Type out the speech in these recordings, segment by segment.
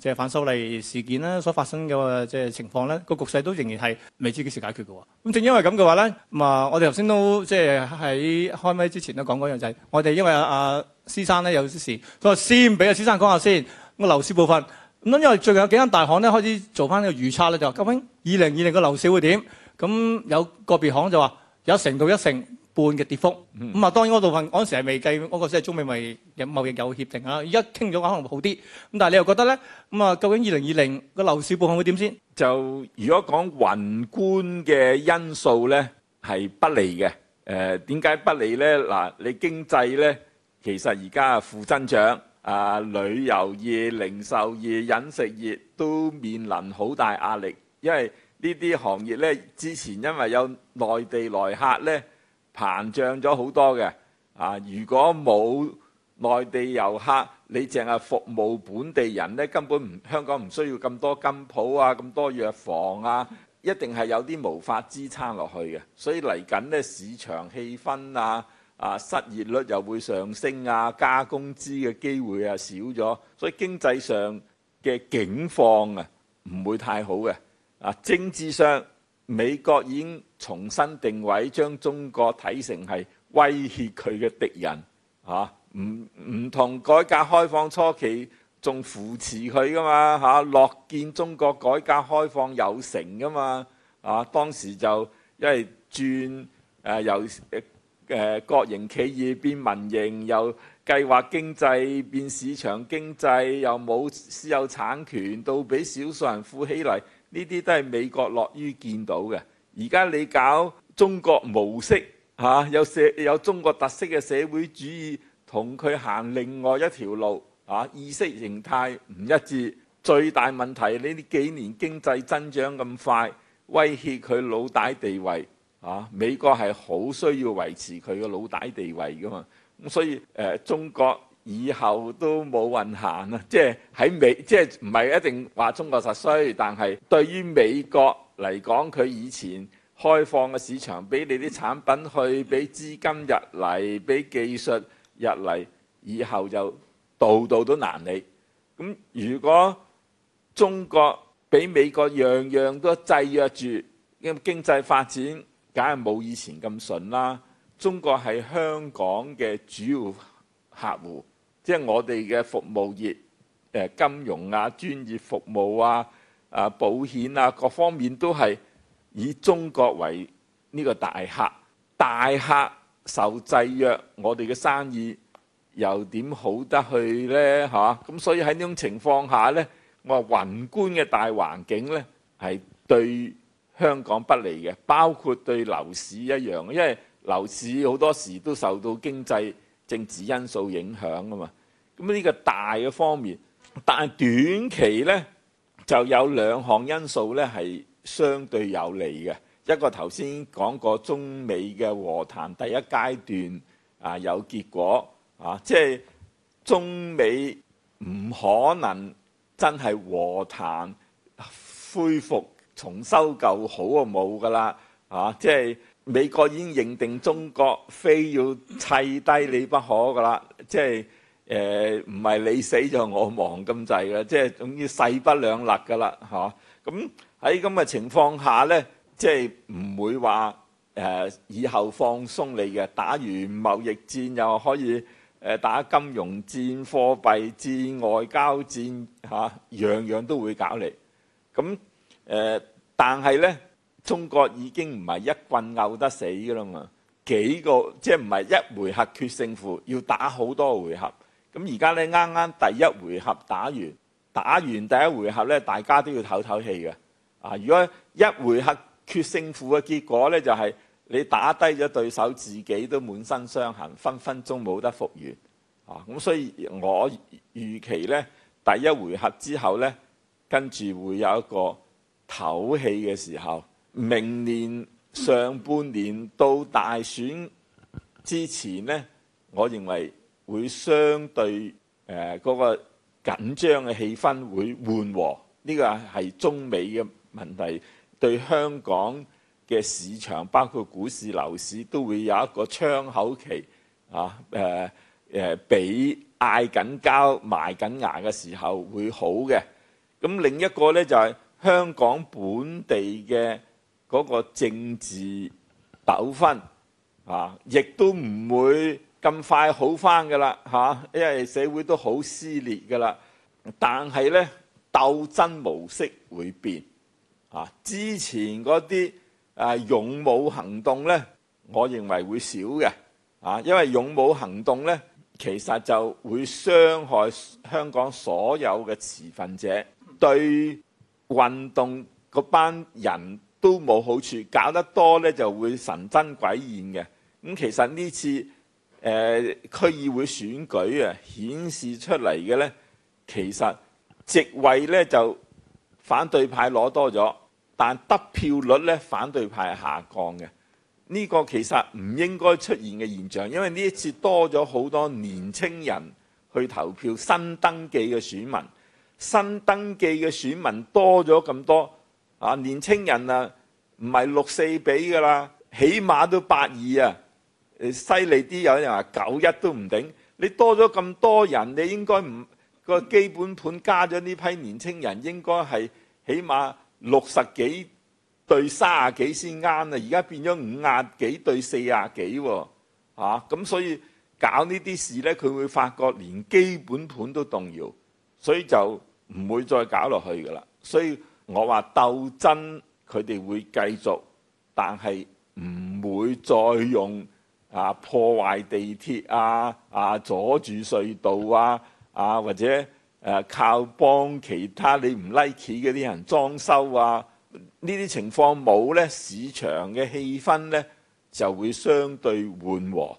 即係反修例事件啦，所發生嘅即係情況咧，個局勢都仍然係未知幾時解決嘅喎。咁正因為咁嘅話咧，咁啊，我哋頭先都即係喺開咪之前都講過樣就係，我哋因為啊阿施生咧有啲事，佢話先俾阿施生講下先。咁樓市部分咁，因為最近有幾間大行咧開始做翻呢個預測咧，就話究竟二零二零嘅樓市會點？咁有個別行就話有一成到一成半嘅跌幅咁啊！嗯、當然嗰部分嗰陣時係未計，嗰個時係中美咪貿易有協定啦。而家傾咗，可能好啲咁。但係你又覺得呢？咁、嗯、啊？究竟二零二零個樓市部分會點先？就如果講宏觀嘅因素呢，係不利嘅。誒點解不利呢？嗱、啊，你經濟呢，其實而家係負增長啊，旅遊業、零售業、飲食業都面臨好大壓力，因為呢啲行業呢，之前因為有內地來客呢。膨脹咗好多嘅，啊！如果冇內地遊客，你淨係服務本地人咧，根本唔香港唔需要咁多金鋪啊，啊，咁多藥房啊，一定係有啲無法支撐落去嘅。所以嚟緊咧，市場氣氛啊，啊，失業率又會上升啊，加工資嘅機會啊少咗，所以經濟上嘅境況啊，唔會太好嘅。啊，政治上美國已經，重新定位，將中國睇成係威脅佢嘅敵人嚇。唔、啊、唔同改革開放初期仲扶持佢噶嘛嚇，樂、啊、見中國改革開放有成噶嘛嚇、啊。當時就因為轉誒、呃、由誒、呃呃、國營企業變民營，又計劃經濟變市場經濟，又冇私有，有產權，到俾少數人富起嚟，呢啲都係美國樂於見到嘅。而家你搞中國模式嚇，有社有中國特色嘅社會主義，同佢行另外一條路嚇、啊，意識形態唔一致。最大問題你呢幾年經濟增長咁快，威脅佢老大地位嚇、啊。美國係好需要維持佢嘅老大地位噶嘛。咁所以誒、呃，中國，以後都冇運行啦，即係喺美，即係唔係一定話中國實衰。但係對於美國嚟講，佢以前開放嘅市場，俾你啲產品去，俾資金入嚟，俾技術入嚟，以後就度度都難理。咁如果中國俾美國樣樣都制約住，經濟發展梗係冇以前咁順啦。中國係香港嘅主要客戶。即係我哋嘅服務業、金融啊、專業服務啊、啊保險啊各方面都係以中國為呢個大客，大客受制約，我哋嘅生意又點好得去呢？嚇、啊！咁所以喺呢種情況下呢，我話宏觀嘅大環境呢係對香港不利嘅，包括對樓市一樣，因為樓市好多時都受到經濟政治因素影響啊嘛。咁呢個大嘅方面，但係短期呢就有兩項因素呢係相對有利嘅。一個，頭先講過中美嘅和談第一階段啊有結果啊，即係中美唔可能真係和談恢復重修舊好啊冇㗎喇啊！即係美國已經認定中國非要砌低你不可㗎喇，即係。誒唔係你死就我亡咁滯㗎，即係總之勢不兩立㗎啦，嚇、啊！咁喺咁嘅情況下呢，即係唔會話誒、呃、以後放鬆你嘅，打完貿易戰又可以誒、呃、打金融戰、貨幣戰、外交戰，嚇、啊，樣樣都會搞你。咁、啊、誒、呃，但係呢，中國已經唔係一棍拗得死㗎啦嘛，幾個即係唔係一回合決勝負，要打好多回合。咁而家咧啱啱第一回合打完，打完第一回合咧，大家都要唞唞氣嘅。啊，如果一回合決勝負嘅結果咧，就係你打低咗對手，自己都滿身傷痕，分分鐘冇得復原。啊，咁所以我預期咧，第一回合之後咧，跟住會有一個唞氣嘅時候。明年上半年到大選之前咧，我認為。會相對誒嗰、呃嗰個緊張嘅氣氛會緩和，呢、這個係中美嘅問題對香港嘅市場，包括股市、樓市都會有一個窗口期啊！誒、呃、誒，俾、呃、嗌緊交、埋緊牙嘅時候會好嘅。咁另一個呢，就係、是、香港本地嘅嗰個政治糾紛啊，亦都唔會。咁快好翻嘅啦嚇，因為社會都好撕裂嘅啦。但係呢鬥爭模式會變啊，之前嗰啲誒勇武行動呢，我認為會少嘅啊，因為勇武行動呢，其實就會傷害香港所有嘅持份者，對運動嗰班人都冇好處。搞得多呢就會神憎鬼厭嘅。咁、嗯、其實呢次。誒、呃、區議會選舉啊，顯示出嚟嘅呢，其實席位呢就反對派攞多咗，但得票率呢，反對派下降嘅，呢、呢個其實唔應該出現嘅現象，因為呢一次多咗好多年青人去投票，新登記嘅選民，新登記嘅選民多咗咁多啊，年青人啊，唔係六四比㗎喇，起碼都八二啊。犀利啲，有人話九一都唔頂。你多咗咁多人，你應該唔個基本盤加咗呢批年青人，應該係起碼六十幾對三十幾先啱啊！而家變咗五廿幾對四十幾喎、啊、咁，啊、所以搞呢啲事呢，佢會發覺連基本盤都動搖，所以就唔會再搞落去噶啦。所以我話鬥爭佢哋會繼續，但係唔會再用。啊！破壞地鐵啊！啊！阻住隧道啊！啊！或者誒、呃、靠幫其他你唔 like 嘅啲人裝修啊！呢啲情況冇呢市場嘅氣氛呢，就會相對緩和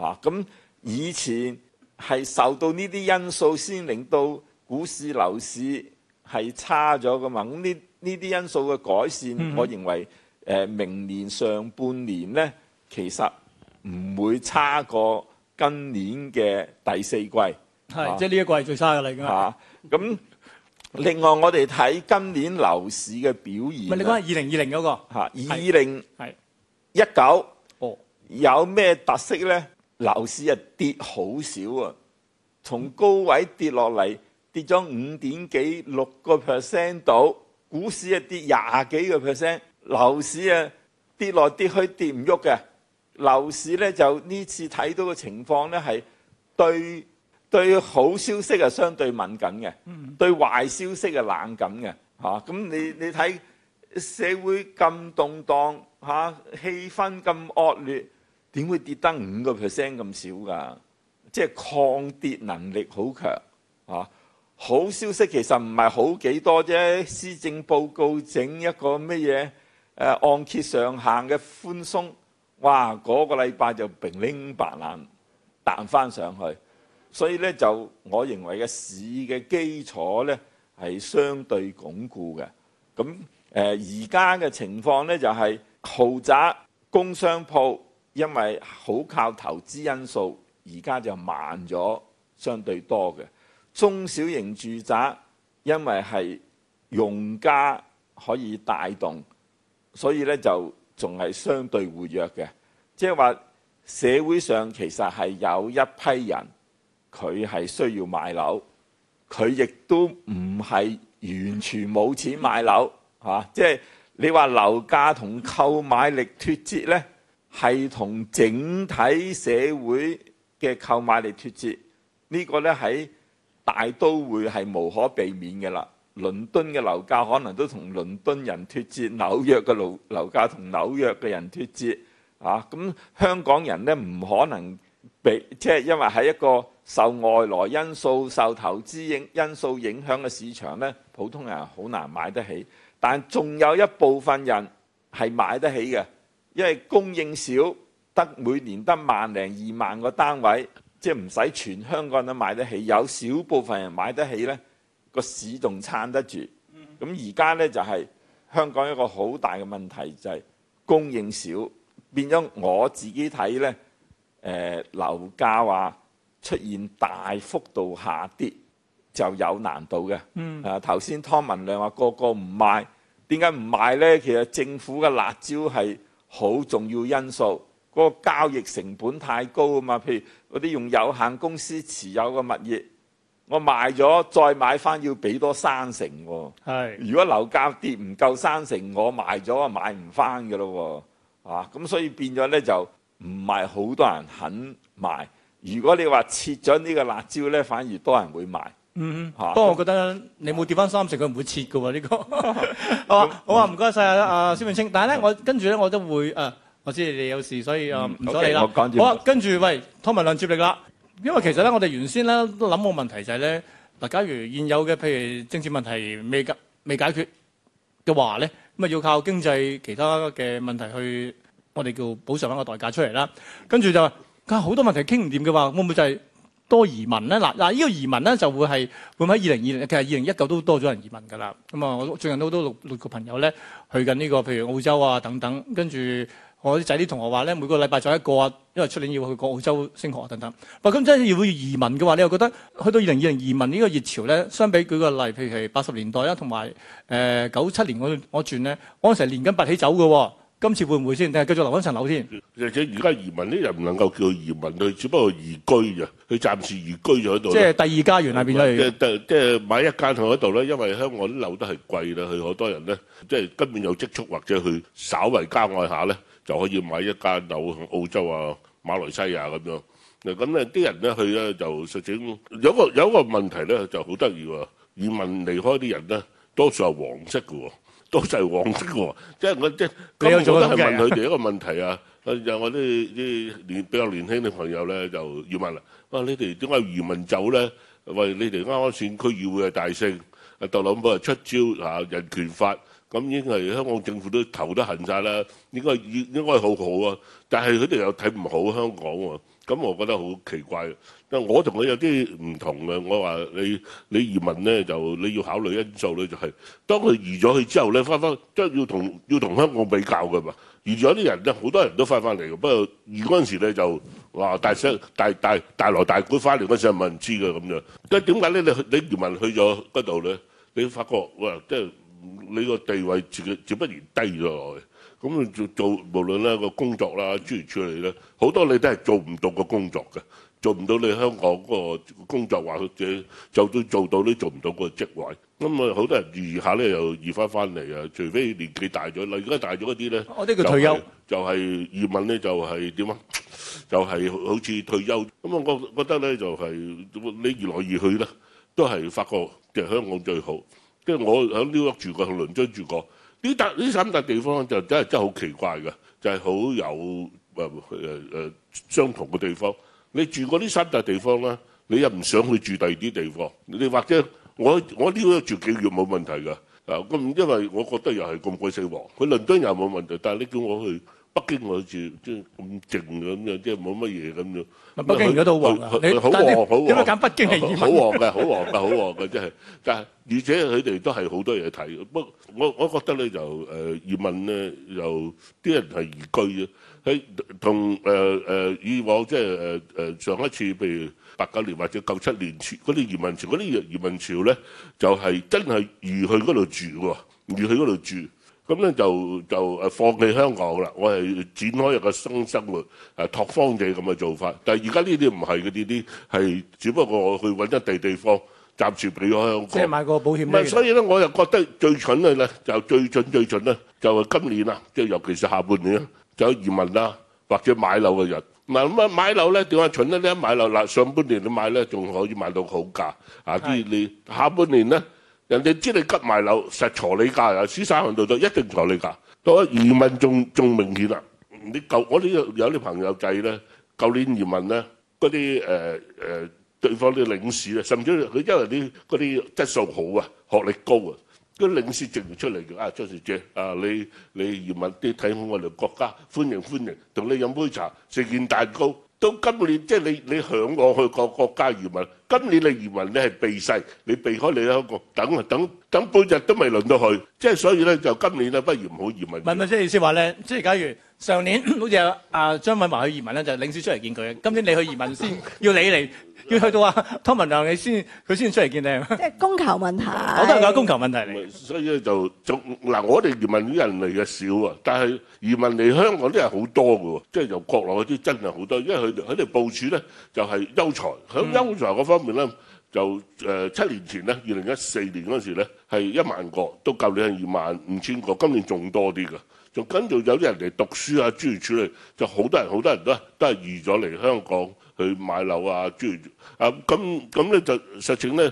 啊！咁以前係受到呢啲因素先令到股市樓市係差咗㗎嘛？咁呢呢啲因素嘅改善，嗯、我認為誒、呃、明年上半年呢，其實唔會差過今年嘅第四季，係是、啊、即係呢一季係最差嘅嚟㗎。嚇、啊，咁 另外我哋睇今年樓市嘅表現。唔係你講係二零二零嗰個嚇，二零係一九。哦，有咩特色咧？樓市啊跌好少啊，從高位跌落嚟跌咗五點幾六個 percent 到，股市啊跌廿幾個 percent，樓市啊跌落跌去跌唔喐嘅。樓市咧就呢次睇到嘅情況咧，係對對好消息係相對敏感嘅，嗯、對壞消息係冷感嘅嚇。咁、啊、你你睇社會咁動盪嚇、啊，氣氛咁惡劣，點會跌得五個 percent 咁少㗎？即係抗跌能力好強嚇、啊。好消息其實唔係好幾多啫。施政報告整一個乜嘢誒按揭上限嘅寬鬆。哇！嗰、那個禮拜就平拎白攤彈翻上去，所以咧就我認為嘅市嘅基礎咧係相對鞏固嘅。咁誒而家嘅情況咧就係、是、豪宅、工商鋪，因為好靠投資因素，而家就慢咗，相對多嘅中小型住宅，因為係用家可以帶動，所以咧就，仲係相對活躍嘅，即係話社會上其實係有一批人，佢係需要買樓，佢亦都唔係完全冇錢買樓，係即係你話樓價同購買力脫節呢，係同整體社會嘅購買力脫節，呢個呢，喺大都會係無可避免嘅啦。倫敦嘅樓價可能都同倫敦人脱節，紐約嘅樓樓價同紐約嘅人脱節，啊！咁、嗯、香港人咧，唔可能畀即係、就是、因為喺一個受外來因素、受投資影因，因素影響嘅市場咧，普通人好難買得起，但仲有一部分人係買得起嘅，因為供應少，得每年得萬零二萬個單位，即係唔使全香港人都買得起，有少部分人買得起咧。個市仲撐得住，咁而家呢就係、是、香港一個好大嘅問題，就係、是、供應少，變咗我自己睇呢，誒、呃、樓價話出現大幅度下跌就有難度嘅。嗯、啊頭先湯文亮話個個唔賣，點解唔賣呢？其實政府嘅辣招係好重要因素，嗰、那個交易成本太高啊嘛。譬如嗰啲用有限公司持有嘅物業。我賣咗，再買翻要俾多三成喎、哦。是如果樓價跌唔夠三成，我賣咗啊買唔翻㗎咯喎。啊，咁、嗯、所以變咗咧就唔係好多人肯買。如果你話切咗呢個辣招咧，反而多人會買。嗯哼。嚇、嗯，不、嗯、過、啊、我覺得、啊、你冇跌翻三成，佢唔會切㗎喎呢個。 嗯、 好，好啊，好啊，唔該晒啦，阿施永青。但係咧，我，我跟住咧我都會誒，我知你哋有事，所以啊，唔阻你啦。不不不 okay, 好，跟住喂，湯文亮接力啦。因為其實咧，我哋原先咧都諗過問題就係咧，嗱，假如現有嘅譬如政治問題未解未解決嘅話咧，咁啊要靠經濟其他嘅問題去，我哋叫補償翻個代價出嚟啦。跟住就話，啊好多問題傾唔掂嘅話，會唔會就係多移民咧？嗱、啊、嗱，呢、這個移民咧就會係會喺二零二零，其實二零一九都多咗人移民噶啦。咁、嗯、啊，我最近都好多六六個朋友咧去緊呢、這個譬如澳洲啊等等，跟住。我啲仔啲同學話咧，每個禮拜就一個，因為出年要去個澳洲升學等等。喂，咁真係要移民嘅話，你又覺得去到二零二零移民呢個熱潮咧？相比舉個例，譬如八十年代啦，同埋誒九七年我我轉咧，我成年根拔起走嘅。今次會唔會先定係繼續留一層樓先？而且而家移民呢，又唔能夠叫移民，佢只不過移居咋，佢暫時移居咗喺度。即係第二家園喺邊咧？即即係買一間喺度咧，因為香港啲樓都係貴啦，佢好多人咧，即係根本有積蓄或者去稍為郊外下咧。就可以買一間樓澳洲啊、馬來西亞咁、啊、樣，嗱咁咧啲人咧去咧就實整有一個有一個問題咧，就好得意喎，移民離開啲人咧多數係黃色嘅喎，多數係黃色嘅喎， 即係我即係我都係問佢哋一個問題啊，啊 有我啲啲年比較年輕嘅朋友咧就要問啦，哇、啊、你哋點解移民走咧？喂，你哋啱啱選區議會係大勝，特朗普就出招人權法，咁應該係香港政府都頭都痕晒啦，應該應應該好好啊。但係佢哋又睇唔好香港喎、啊，咁我覺得好奇怪、啊。但係我同佢有啲唔同嘅，我話你你移民咧就你要考慮因素咧、就是，就係當佢移咗去之後咧，翻翻即係要同要同香港比較㗎嘛。移咗啲人咧，好多人都翻翻嚟嘅，不過移嗰陣時咧就話大聲大大大，大來大去，翻嚟嗰陣唔知㗎咁樣。咁點解咧？你你移民去咗嗰度咧，你發覺哇，即係～你個地位自己自不然低咗落去，咁做做無論咧個工作啦、處唔處理咧，好多你都係做唔到個工作嘅，做唔到你香港嗰個工作或者就都做到都做唔到個職位。咁啊，好多人移下咧又移翻翻嚟啊，除非年紀大咗，嗱而家大咗嗰啲咧，我呢個叫退休就係移民咧就係點啊？就係好似退休。咁我覺覺得咧就係、是、你移來移去咧，都係發覺其實香港最好。即係我喺紐約住過，去倫敦住過，呢笪呢三笪地方就真係真係好奇怪嘅，就係好有誒誒相同嘅地方。你住過呢三笪地方啦，你又唔想去住第二啲地方？你或者我我紐約住幾月冇問題㗎？啊咁，因為我覺得又係咁鬼死忙，去倫敦又冇問題，但係你叫我去？北京好似即係咁靜咁樣，即係冇乜嘢咁樣。北京而家都旺啊！你點解揀北京係移民？好旺嘅，好旺嘅，好旺嘅，即係、 就是、但係，而且佢哋都係好多嘢睇。不過我，我我覺得咧就誒、呃、移民咧就啲人係移居嘅。佢同誒誒以往即係誒誒上一次，譬如八九年或者九七年前嗰啲移民潮，嗰啲移民潮咧就係、是、真係移去嗰度住喎，移去嗰度住。咁咧就就誒放棄香港啦，我係展開一個新生，生活，誒拓荒者咁嘅做法。但係而家呢啲唔係嘅，呢啲，係只不過我去揾一地地方，暫時俾香港即係買個保險。唔所以咧，我又覺得最蠢嘅咧，就最蠢最蠢咧，就係今年啦，即係尤其是下半年，就有移民啦，或者買樓嘅人。唔係乜買樓咧？點解蠢咧？你一買樓嗱，上半年你買咧，仲可以買到好價啊！你你的下半年咧？人哋知你吉埋樓，實挫你價又輸曬行道咗，一定挫你價。到移民仲仲明顯啊！你舊，我呢個有啲朋友仔咧，舊年移民咧，嗰啲誒誒對方啲領事咧，甚至佢因為啲啲質素好啊，學歷高啊，嗰啲領事直出嚟叫，啊張小姐啊，你你移民啲睇好我哋國家，歡迎歡迎，同你飲杯茶，食件蛋糕。到今年，即係你你響我去各國家移民，今年你移民你係避世，你避開你喺個等等等半日都未輪到佢，即係所以咧就今年咧不如唔好移民。唔係唔係即係意思話咧，即係假如上年好似阿張敏華去移民咧，就領事出嚟見佢，今年你去移民先， 要你嚟。要去到啊，湯文亮，你先佢先出嚟見你。即係供求問題。 我都係講供求問題。所以咧就，嗱，我哋移民啲人嚟嘅少啊，但係移民嚟香港啲人好多㗎喎，即係由國內嗰啲真係好多，因為佢佢哋部署咧就係、是、優才，喺優才嗰方面咧就誒七、呃、年前咧，二零一四年嗰陣時咧係一萬個，都夠你係二萬五千個，今年仲多啲㗎，就跟住有啲人嚟讀書啊、諸如此類，就好多人好多人都都係移咗嚟香港。去買樓啊，諸如啊，咁咁咧就實情咧。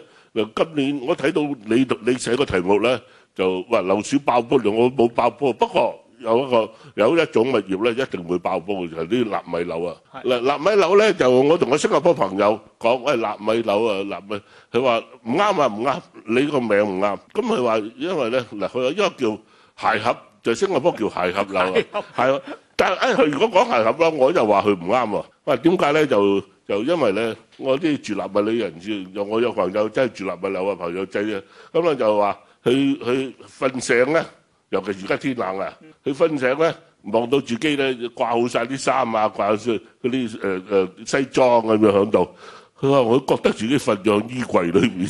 今年我睇到你你寫個題目咧，就話樓市爆煲，我冇爆煲。不過有一個有一種物業咧，一定會爆煲嘅就係啲納米樓啊。嗱，納米樓咧就我同我新加坡朋友講，喂，納米樓啊納米，佢話唔啱啊唔啱，你個名唔啱。咁佢話因為咧嗱，佢因為叫鞋盒，就係新加坡叫鞋盒樓啊，係。但係誒，佢如果講鞋盒咯，我就話佢唔啱喎。喂，點解咧？就就因為咧，我啲住立物流人，就我有朋友真係住立物流啊，朋友仔啊，咁咧就話佢佢瞓醒咧，尤其是而家天冷啊，佢瞓醒咧望到自己咧掛好曬啲衫啊，掛住嗰啲誒誒西裝咁樣喺度，佢話我都覺得自己瞓咗喺衣櫃裏面。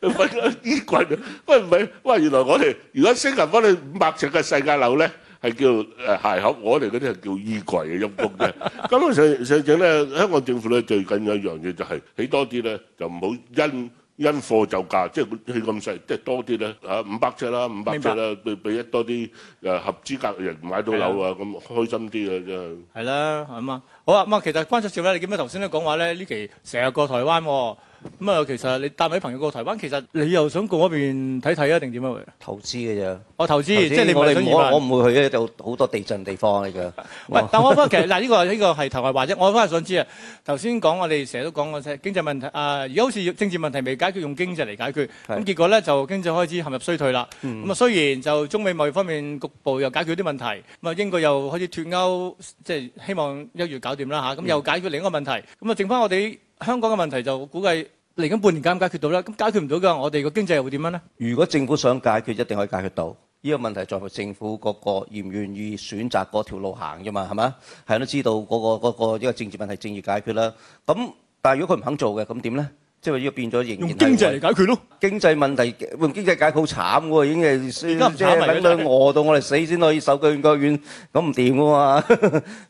瞓喺衣櫃啊！喂唔係，喂原來我哋如果升級翻你五百尺嘅世界樓咧～係叫誒鞋盒，我哋嗰啲係叫衣櫃嘅陰公啫。咁啊，上上整咧，香港政府咧最緊要一樣嘢就係起多啲咧，就唔好因因貨就價，即係起咁細，即係多啲咧嚇五百尺啦，五百尺啦，俾俾一多啲誒合資格嘅人買到樓啊，咁開心啲嘅真係。係啦，係嘛，好啊，咁啊，其實關焯照咧，你見到頭先都講話咧，呢期成日過台灣。咁啊，其實你帶埋朋友過台灣，其實你又想過嗰邊睇睇啊，定點樣去啊？投資嘅啫。我投資，即係你唔係想移民啊？我我唔會去咧，就好多地震地方嚟嘅。喂，但係我覺得其實嗱，呢個呢個係題外話啫。我反而想知啊，頭先講我哋成日都講經濟問題啊，而家好似政治問題未解決，用經濟嚟解決咁，結果咧就經濟開始陷入衰退啦。咁啊，雖然就中美貿易方面局部又解決啲問題，咁啊英國又開始脱歐，即係希望一月搞掂啦嚇，咁又解決另一個問題，咁啊剩翻我哋香港嘅問題就估計。嚟緊半年解唔解決到啦。咁解決唔到嘅，我哋個經濟又會點樣咧？如果政府想解決，一定可以解決到。呢個問題在乎政府嗰個願唔願意選擇嗰條路行嘅嘛？係嘛？係都知道嗰個嗰個呢個政治問題正要解決啦。咁但係如果佢唔肯做嘅，咁點咧？即係依個變咗，仍然係用經濟嚟解決咯。經濟問題用經濟解決好慘嘅喎，已經係即係等佢餓到我哋死先可以收佢院，咁唔掂嘅嘛。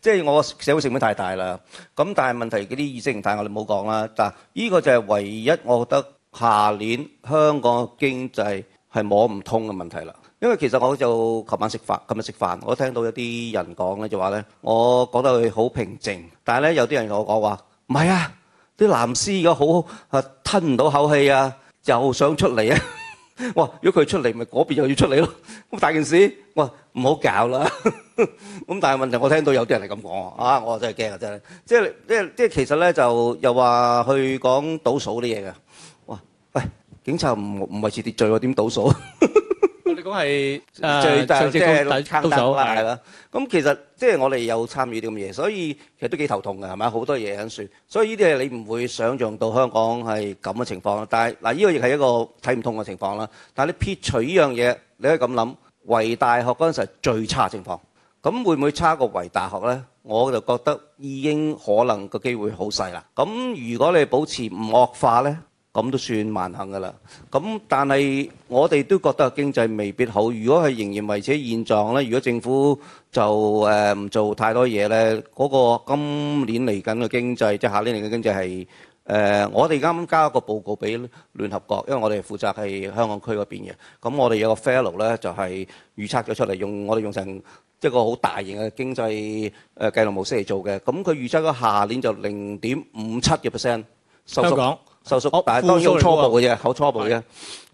即係我社會成本太大啦。咁但係問題嗰啲意識形態我哋冇講啦。嗱，依個就係唯一我覺得下年香港經濟係摸唔通嘅問題啦。因為其實我就琴晚食飯，今日食飯，我聽到有啲人講咧就話咧，我覺得佢好平靜，但係咧有啲人同我講話唔係啊。啲男屍而家好啊，吞唔到口氣啊，又想出嚟啊！我話如果佢出嚟，咪嗰邊又要出嚟咯。咁大件事，我話唔好搞啦。咁但係問題，我聽到有啲人係咁講啊，我真係驚啊真係。即係即係即係其實咧，就又話去講倒數嗰啲嘢嘅。哇！喂，警察唔唔維持秩序喎，點倒數？你哋講係最大即係參手，都係啦。咁其實即係、就是、我哋有參與啲咁嘢，所以其實都幾頭痛嘅，係咪？好多嘢喺度算，所以呢啲係你唔會想像到香港係咁嘅情況。但係嗱，呢、這個亦係一個睇唔通嘅情況啦。但係你撇除呢樣嘢，你可以咁諗：維大學嗰陣時係最差情況，咁會唔會差過維大學咧？我就覺得已經可能個機會好細啦。咁如果你保持唔惡化咧？咁都算萬幸㗎啦。咁但係我哋都覺得經濟未必好。如果係仍然維持現狀咧，如果政府就誒唔、呃、做太多嘢咧，嗰、那個今年嚟緊嘅經濟即係下年嚟嘅經濟係誒、呃，我哋啱啱交一個報告俾聯合國，因為我哋負責係香港區嗰邊嘅。咁我哋有個 fellow 咧，就係、是、預測咗出嚟，用我哋用成一個好大型嘅經濟誒計量模式嚟做嘅。咁佢預測咗下年就零點五七嘅 percent 收縮香港。收縮，但係當中初步嘅啫，考、哦、初步嘅。啫的。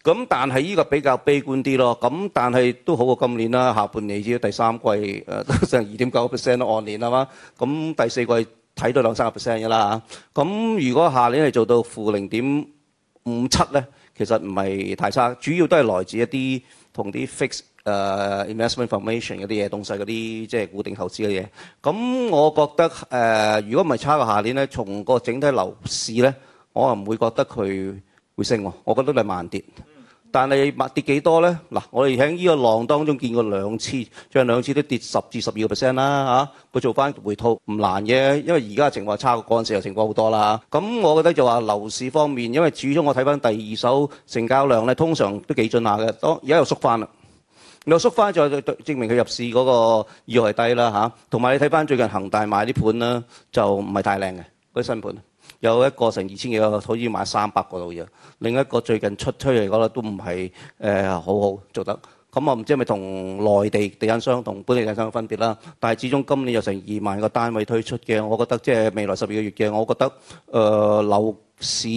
咁但係呢個比較悲觀啲咯。咁但係都好過今年啦。下半年至於第三季誒 都成二點九個 percent 咯，按年係嘛。咁第四季睇到兩三個 percent 嘅啦。咁如果下年係做到負零點五七咧，5, 7, 其實唔係太差。主要都係來自一啲同啲 fix 誒 investment formation 嗰啲嘢東西嗰啲，即係、就是、固定投資嘅嘢。咁我覺得誒，uh, 如果唔係差過下年咧，從個整體樓市咧。我啊唔會覺得佢會升喎，我覺得你慢跌。但你慢跌幾多咧？嗱，我哋喺呢個浪當中見過兩次，最近兩次都跌十至十二個 percent 啦嚇。佢、啊、做翻回吐唔難嘅，因為而家情況差過嗰陣時嘅情況好多啦。咁、啊、我覺得就話樓市方面，因為始終我睇翻第二手成交量咧，通常都幾準下嘅。當而家又縮翻啦，又話縮翻就證明佢入市嗰個意欲低啦嚇。同、啊、埋你睇翻最近恒大買啲盤啦，就唔係太靚嘅嗰啲新盤。有一個成二千幾個可以買三百個度嘢，另一個最近推出推嚟講咧，都唔係誒好好做得，咁我唔知係咪同內地地產商同本地地產商嘅分別啦。但係始終今年有成二萬個單位推出嘅，我覺得即係未來十二個月嘅，我覺得誒、呃、樓市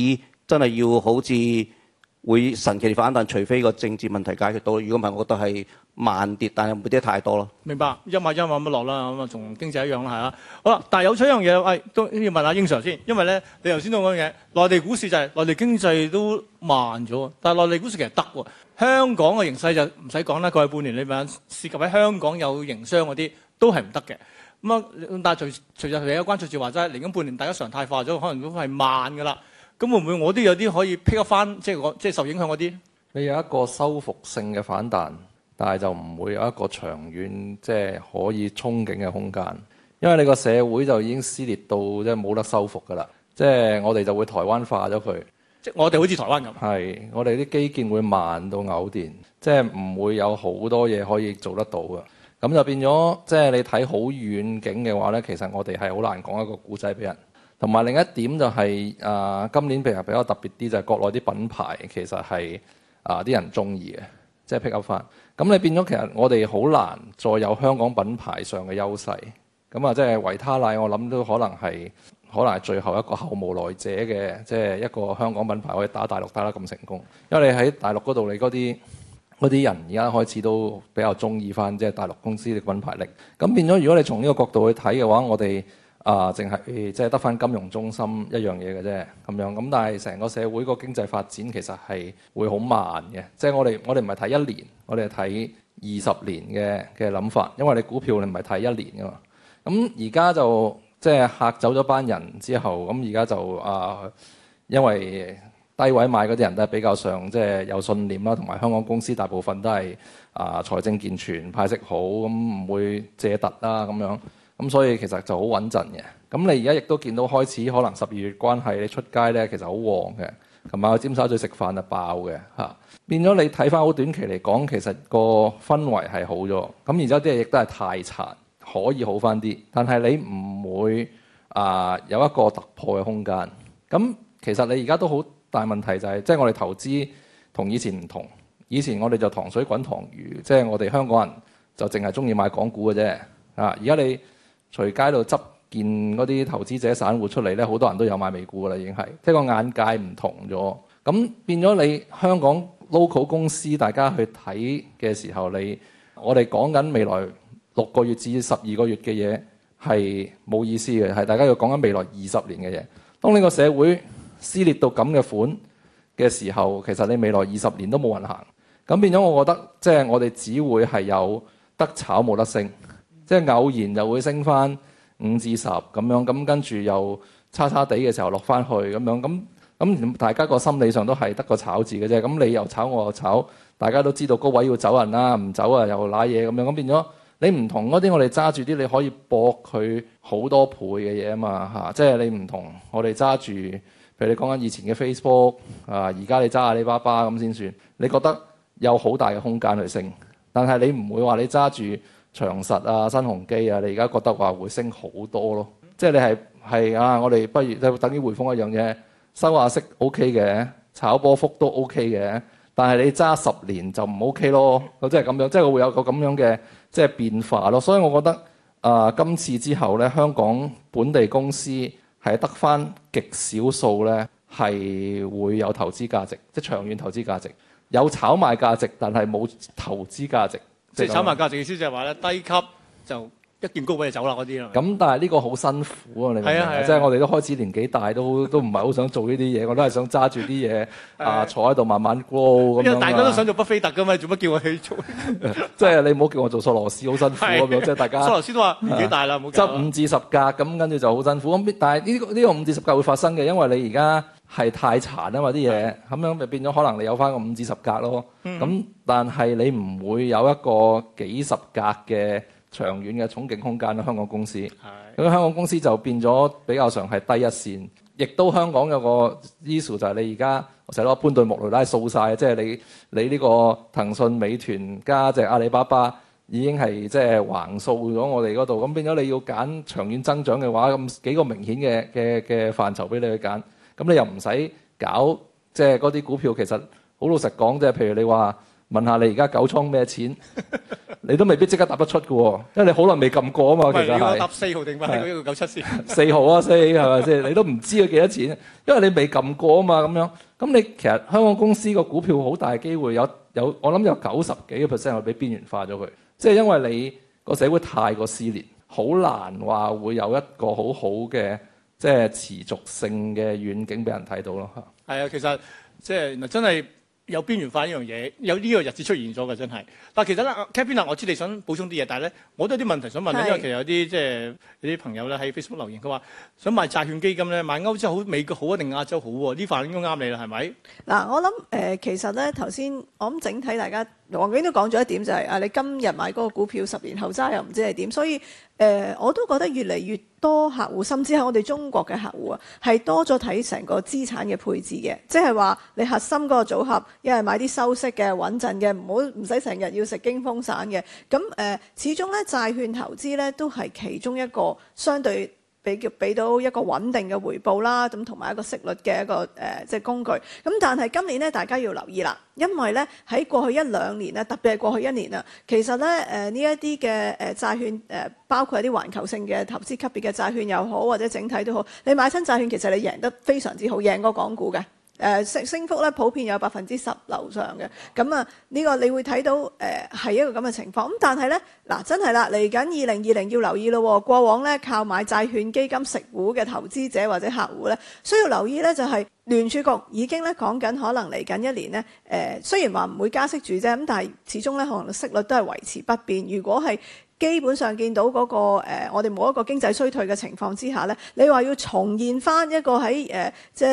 真係要好似。會神奇地反彈，除非個政治問題解決到。如果唔係，我覺得係慢跌，但係唔會跌太多咯。明白，陰啊陰啊咁樣落啦，咁啊同經濟一樣啦，係啊。好啦，但係有出一樣嘢，誒、哎、都要問下英 Sir 先，因為咧你頭先都講嘢，內地股市就係、是、內地經濟都慢咗，但係內地股市其實得喎。香港嘅形勢就唔使講啦，過去半年裡面涉及喺香港有營商嗰啲都係唔得嘅。咁啊，但係隨隨著大家關注住話齋，嚟緊半年大家常態化咗，可能都係慢噶啦。咁會唔會我都有啲可以 Pick 一翻，即係我即係受影響嗰啲？你有一個修復性嘅反彈，但係就唔會有一個長遠即係可以憧憬嘅空間，因為你個社會就已經撕裂到即係冇得修復㗎啦。即係我哋就會台灣化咗佢，即係我哋好似台灣咁。係，我哋啲基建會慢到嘔電，即係唔會有好多嘢可以做得到嘅。咁就變咗，即係你睇好遠景嘅話咧，其實我哋係好難講一個古仔俾人。同埋另一點就係、是、啊、呃，今年其實比較特別啲，就係、是、國內啲品牌其實係啊啲人中意嘅，即係 pick up 翻。咁你變咗其實我哋好難再有香港品牌上嘅優勢。咁啊，即係維他奶，我諗都可能係可能係最後一個後無來者嘅，即係一個香港品牌可以打大陸打得咁成功。因為你喺大陸嗰度，你嗰啲啲人而家開始都比較中意翻，即係大陸公司嘅品牌力。咁變咗，如果你從呢個角度去睇嘅話，我哋啊，淨係即係得返金融中心一樣嘢嘅啫，咁樣咁，但係成個社會個經濟發展其實係會好慢嘅。即係我哋我哋唔係睇一年，我哋係睇二十年嘅嘅諗法，因為你股票你唔係睇一年噶嘛。咁而家就即係嚇走咗班人之後，咁而家就啊，因為低位買嗰啲人都係比較上即係、就是、有信念啦，同埋香港公司大部分都係啊財政健全、派息好，咁、嗯、唔會借突啦咁樣。咁所以其實就好穩陣嘅。咁你而家亦都見到開始可能十二月關係，你出街呢，其實好旺嘅。琴晚去尖沙咀食飯就爆嘅嚇。變咗你睇翻好短期嚟講，其實個氛圍係好咗。咁然之後啲嘢亦都係太殘，可以好翻啲。但係你唔會啊、呃、有一個突破嘅空間。咁其實你而家都好大問題就係、係，即、就、係、係、我哋投資同以前唔同。以前我哋就糖水滾糖魚，即、就、係、係、我哋香港人就淨係中意買港股嘅啫。啊，而家你～隨街度執見嗰啲投資者散戶、散戶出嚟咧，好多人都有買未沽噶啦，已經係，即係個眼界唔同咗。咁變咗你香港 local 公司，大家去睇嘅時候，你我哋講緊未來六個月至十二個月嘅嘢係冇意思嘅，係大家要講緊未來二十年嘅嘢。當呢個社會撕裂到咁嘅款嘅時候，其實你未來二十年都冇運行。咁變咗，我覺得即係、就是、我哋只會係有得炒冇得升。即係偶然又會升翻五至十咁樣，咁跟住又差差哋嘅時候落翻去咁樣，咁咁大家個心理上都係得個炒字嘅啫。咁你又炒，我又炒，大家都知道高位要走人啦，啊，唔走啊又瀨嘢咁樣，咁變咗你唔同嗰啲我哋揸住啲你可以搏佢好多倍嘅嘢啊嘛嚇！即係你唔同我哋揸住，譬如你講緊以前嘅 Facebook 啊，而家你揸阿里巴巴咁先算。你覺得有好大嘅空間去升，但係你唔會話你揸住。長實啊、新鴻基啊，你而家覺得話會升好多咯？即係你係係啊，我哋不如就等於匯豐一樣嘢收下息 OK 嘅，炒波幅都 OK 嘅，但係你揸十年就唔 OK 咯。即係咁樣，即係會有個咁樣嘅即係變化咯。所以我覺得啊、呃，今次之後咧，香港本地公司係得翻極少數咧係會有投資價值，即係長遠投資價值有炒賣價值，但係冇投資價值。即係炒物價值，值意思就係話咧，低級就一件高畀你走啦嗰啲啦。咁但係呢個好辛苦啊！你係啊即係、啊、我哋都開始年紀大， 都都唔係好想做呢啲嘢，我都係想揸住啲嘢啊，坐喺度慢慢 grow 咁，因為大家都想做巴菲特㗎嘛，做乜叫我去做？即 係 你唔好叫我做索羅斯，好辛苦啊！即係、啊、大家。 索羅斯都話年紀大啦，冇執五至十格咁，跟住就好辛苦。但係呢呢個五、這個、至十格會發生嘅，因為你而家。係太殘啊！嘛啲嘢咁樣咪變咗，可能你有翻個五至十格咯。咁、嗯、但係你唔會有一個幾十格嘅長遠嘅憧憬空間咯。香港公司咁的香港公司就變咗比較上係低一線，亦都香港有個 issue 就係你而家我成日攞搬頓穆雷拉掃晒。即、就、係、是、你你呢個騰訊、美團加隻阿里巴巴已經係即係橫掃咗我哋嗰度。咁變咗你要揀長遠增長嘅話，咁幾個明顯嘅嘅嘅範疇俾你去揀。咁你又唔使搞，即係嗰啲股票，其實好老實講，即係譬如你話問下你而家九倉咩錢， 你都未必即刻答得出嘅喎，因為你好耐未撳過啊嘛。 其實係。你答四號定乜？呢個一九九七先。四號啊，四係咪先？ 你都唔知佢幾多錢，因為你未撳過啊嘛。咁樣，咁你其實香港公司個股票好大機會有有，我諗有九十幾個 percent 會俾邊緣化咗佢，即係因為你個社會太過撕裂，好難話會有一個好好嘅。即係持續性嘅遠景俾人睇到咯嚇。係啊，其實即係嗱，真係有邊緣化呢樣嘢，有呢個日子出現咗嘅真係。但係其實咧 Kevin 啊，我知你想補充啲嘢，但係咧，我都有啲問題想問你。的因為其實有啲即係有啲朋友咧喺 Facebook 留言，佢話想買債券基金咧，買歐洲好、美國好啊，定亞洲好。呢份已經啱你啦，係咪？嗱，我諗誒、呃，其實咧頭先我諗整體大家黃警都講咗一點，就係啊，你今日買嗰個股票，十年後齋又唔知係點，所以。所以誒、呃，我都覺得越嚟越多客戶，甚至係我哋中國嘅客戶啊，係多咗睇成個資產嘅配置嘅，即係話你核心嗰個組合，一係買啲收息嘅穩陣嘅，唔好唔使成日要食驚風散嘅。咁誒、呃，始終咧債券投資咧都係其中一個相對。俾叫到一個穩定嘅回報啦，咁同埋一個息率嘅一個誒、呃、即工具。咁但係今年咧，大家要留意啦，因為咧喺過去一兩年咧，特別係過去一年啊，其實咧誒呢、呃、一啲嘅誒債券誒、呃，包括一啲環球性嘅投資級別嘅債券又好，或者整體都好，你買親債券其實你贏得非常之好，贏過港股嘅。誒升、呃、升幅咧普遍有百分之十樓上嘅，咁啊呢個你會睇到誒係、呃、一個咁嘅情況。咁但係呢，嗱、啊、真係啦，嚟緊二零二零要留意咯、呃。過往呢，靠買債券基金食股嘅投資者或者客戶呢，需要留意呢，就係聯儲局已經呢講緊可能嚟緊一年呢。誒、呃，雖然話唔會加息住啫，咁但係始終呢，可能息率都係維持不變。如果係基本上見到嗰個誒，我哋冇一個經濟衰退嘅情況之下咧，你話要重現翻一個喺誒即係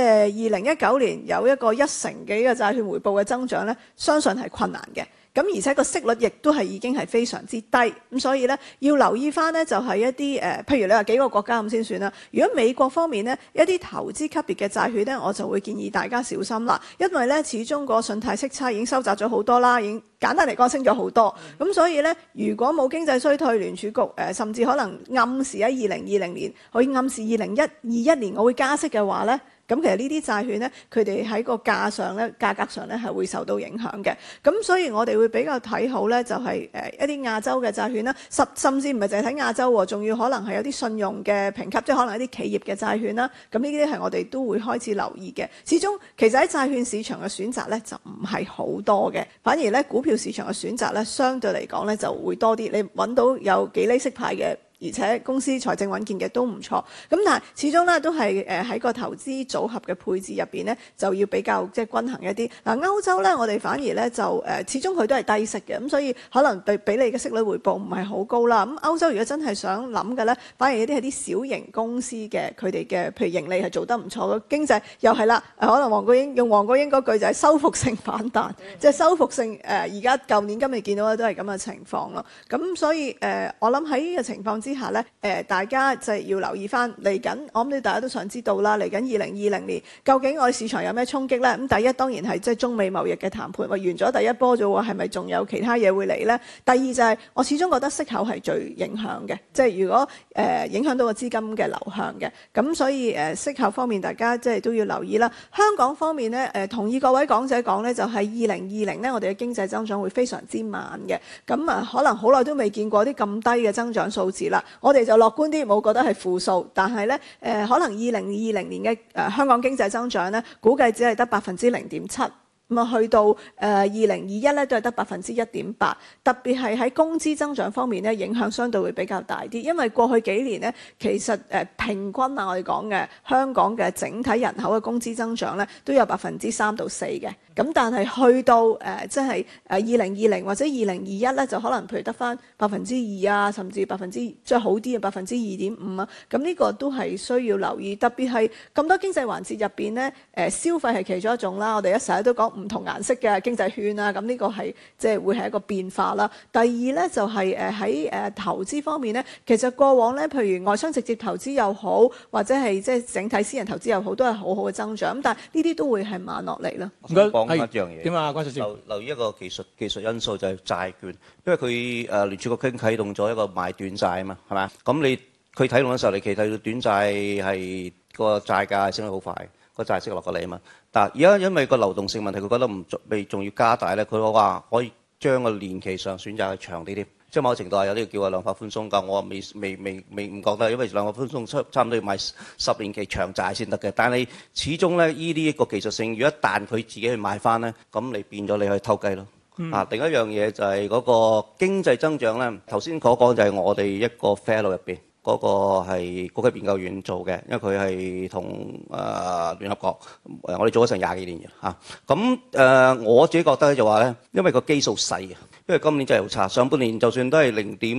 二零一九年有一個一成幾嘅債券回報嘅增長咧，相信係困難嘅。咁而且個息率亦都係已經係非常之低，咁所以咧要留意返咧就係一啲誒，譬如你話幾個國家咁先算啦。如果美國方面咧一啲投資級別嘅債券咧，我就會建議大家小心啦，因為咧始終個信貸息差已經收窄咗好多啦，已經簡單嚟講升咗好多。咁所以咧，如果冇經濟衰退，聯儲局誒甚至可能暗示喺二零二零年，可以暗示二零一二一年我會加息嘅話咧。咁其實呢啲債券咧，佢哋喺個價上咧，價格上咧係會受到影響嘅。咁所以我哋會比較睇好咧，就係誒一啲亞洲嘅債券啦。甚甚至唔係淨係睇亞洲喎，仲要可能係有啲信用嘅評級，即係可能一啲企業嘅債券啦。咁呢啲係我哋都會開始留意嘅。始終其實喺債券市場嘅選擇咧，就唔係好多嘅，反而咧股票市場嘅選擇咧，相對嚟講咧就會多啲。你揾到有幾厘息派嘅？而且公司財政穩健嘅都唔錯，咁但係始終咧都係誒喺個投資組合嘅配置入邊咧，就要比較即係均衡一啲。嗱，歐洲咧我哋反而咧就誒、呃、始終佢都係低息嘅，咁所以可能對比你嘅息率回報唔係好高啦。咁歐洲如果真係想諗嘅咧，反而有啲係啲小型公司嘅佢哋嘅，譬如盈利係做得唔錯，經濟又係啦。可能黃國英用黃國英嗰句就係修復性反彈，嗯、即係修復性誒而家舊年今日見到咧都係咁嘅情況咯。咁所以誒、呃、我諗喺呢個情況。之下咧，誒、呃、大家就係要留意翻嚟緊。我諗你大家都想知道啦，嚟緊二零二零年，究竟我哋市場有咩衝擊咧？咁第一當然係即係中美貿易嘅談判，完咗第一波咗喎，係咪仲有其他嘢會嚟咧？第二就係、是、我始終覺得息口係最影響嘅，即係如果誒、呃、影響到個資金嘅流向嘅，咁所以誒、呃、息口方面，大家即係都要留意啦。香港方面咧，誒、呃、同意各位講者講咧，就係二零二零咧，我哋嘅經濟增長會非常之慢嘅，咁啊可能好耐都未見過啲咁低嘅增長數字啦。我哋就樂觀啲，冇覺得係負數。但係呢、呃，可能二零二零年嘅、呃、香港經濟增長呢，估計只係得百分之零點七。咁啊，去到誒二零二一咧，都係得百分之一點八。特別係喺工資增長方面咧，影響相對會比較大啲。因為過去幾年咧，其實誒、呃、平均啊，我哋講嘅香港嘅整體人口嘅工資增長咧，都有百分之三到四嘅。咁但係去到誒即係誒二零二零或者二零二一咧，就可能譬如得翻百分之二啊，甚至百分之即係好啲嘅百分之二點五啊。咁、嗯、呢、這個都係需要留意。特別係咁多經濟環節入邊咧，誒、呃、消費係其中一種啦。我哋一成日都講。唔同顏色嘅經濟圈啊，咁呢個係即係會係一個變化啦。第二咧就係誒喺誒投資方面咧，其實過往咧，譬如外商直接投資又好，或者係即係整體私人投資又好，都係好好嘅增長。咁但係呢啲都會係慢落嚟啦。唔該，講一樣嘢。點啊，關 Sir 先留，留意一個技術技術因素就係債券，因為佢誒聯儲局傾啟動咗一個買短債啊嘛，係嘛？咁你佢啟動嘅時候，你其實短債係、個債價升得好快。個債息落個嚟啊嘛，但係而家因為個流動性問題，佢覺得唔未仲要加大咧，佢話可以將個年期上選擇去長啲啲，即係某程度上有啲叫量化寬鬆㗎。我未未未未唔覺得，因為量化寬鬆差唔多要買十年期長債先得嘅。但你始終咧依啲一個技術性，如果一旦佢自己去買翻咧，咁你變咗你去偷雞咯。嗯、啊，另一樣嘢就係嗰個經濟增長咧。頭先講講就係我哋一個 fail 入邊。嗰個係國家研究院做嘅，因為佢係同誒呃、聯合國我哋做咗成廿幾年嚇。咁、啊、誒、呃，我自己覺得咧就話咧，因為個基數細啊，因為今年真係好差，上半年就算都係零點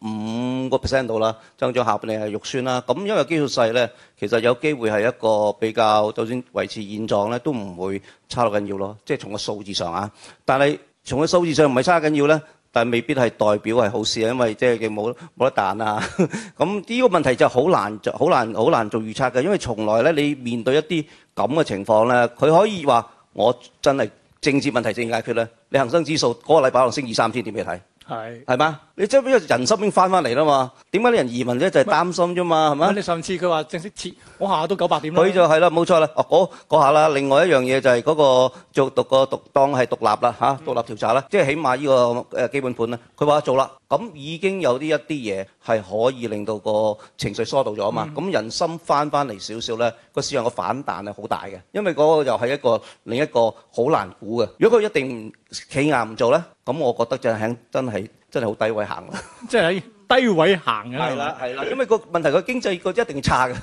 五個 percent 度啦，增長下半年係肉酸啦。咁因為基數細咧，其實有機會係一個比較就算維持現狀咧，都唔會差到緊要咯。即係從個數字上啊，但係從個數字上唔係差緊要咧。但未必係代表係好事，因為即係冇冇得彈啊！咁呢 個問題就好難好難好難做預測嘅，因為從來咧，你面對一啲咁嘅情況呢，佢可以話「我真係政治問題正解決呢。」你恒生指數嗰個禮拜可能升二三千點，你睇係係嗎？你即係因為人心已經翻翻嚟啦嘛？點解啲人移民咧就係擔心啫嘛？係嘛？你上次佢話正式撤，我下下都九百點啦。佢就係啦，冇錯啦。哦，講講下啦。另外一樣嘢就係嗰個做讀個讀當係獨立啦嚇，獨立調查啦，即係起碼呢個誒基本盤啦。佢話做啦，咁已經有呢一啲嘢係可以令到個情緒疏導咗啊嘛。咁人心翻翻嚟少少咧，個市場嘅反彈係好大嘅，因為嗰個又係一個另一個好難估嘅。如果佢一定企硬唔做咧，咁我覺得就係真係。真係好低位行啦！ 低位行嘅啦，係啦，係啦，因為個問題個經濟個一定差嘅，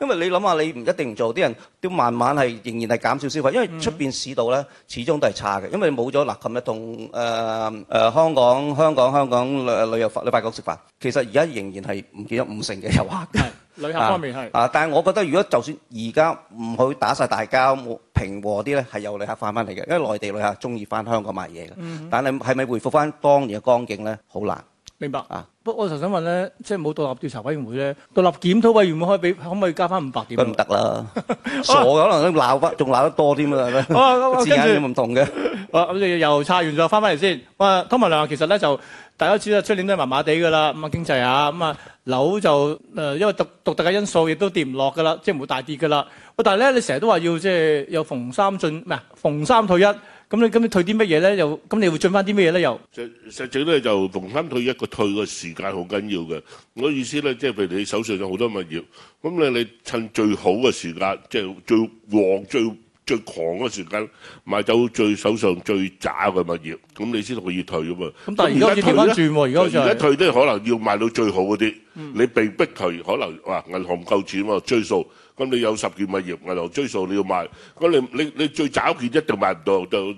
因為你諗下，你唔一定唔做，啲人都慢慢係仍然係減少消費，因為出邊市道咧始終都係差嘅，因為冇咗嗱，琴日同誒誒香港香港香港旅旅遊旅發局食飯，其實而家仍然係唔見咗五成嘅遊客，係旅客方面係啊，但係我覺得如果就算而家唔去打曬大交，平和啲咧，係有旅客翻翻嚟嘅，因為內地旅客中意翻香港買嘢嘅，嗯，但係係咪回復翻當年嘅光景咧，好難，明白啊？我就想問咧，即係冇獨立調查委員會咧，獨立檢討委員會可以俾可唔可以加翻五百幾？梗唔得啦，傻咁啦，鬧返仲鬧得多添啦，係咪 字眼都唔同嘅。咁 就要又拆完，再翻返嚟先。哇、啊，湯文亮，其實咧就第一次咧，出年都麻麻地噶啦。咁啊經濟啊，咁、嗯、啊樓就誒、呃，因為獨獨特嘅因素，亦都跌唔落噶啦，即係唔會大跌噶啦。哇、啊！但係咧，你成日都話要即係有逢三進，咩啊逢三退一。咁你咁你退啲乜嘢咧？又咁你會進翻啲乜嘢咧？又實實際咧就重新退一個退個時間好緊要嘅。我、那個、意思咧，即係譬如你手上有好多物業，咁咧你，你趁最好嘅時間，即係最旺、最最狂嘅時間，買走最手上最渣嘅物業，咁你先可以退㗎嘛。咁但係而家要翻轉喎，而家就係而家退都可能要賣到最好嗰啲。嗯、你被逼退，可能哇銀行唔夠錢喎追數。咁你有十件物業，我話追數你，你，你，你，你要賣。咁你你你最找件一定賣唔到，就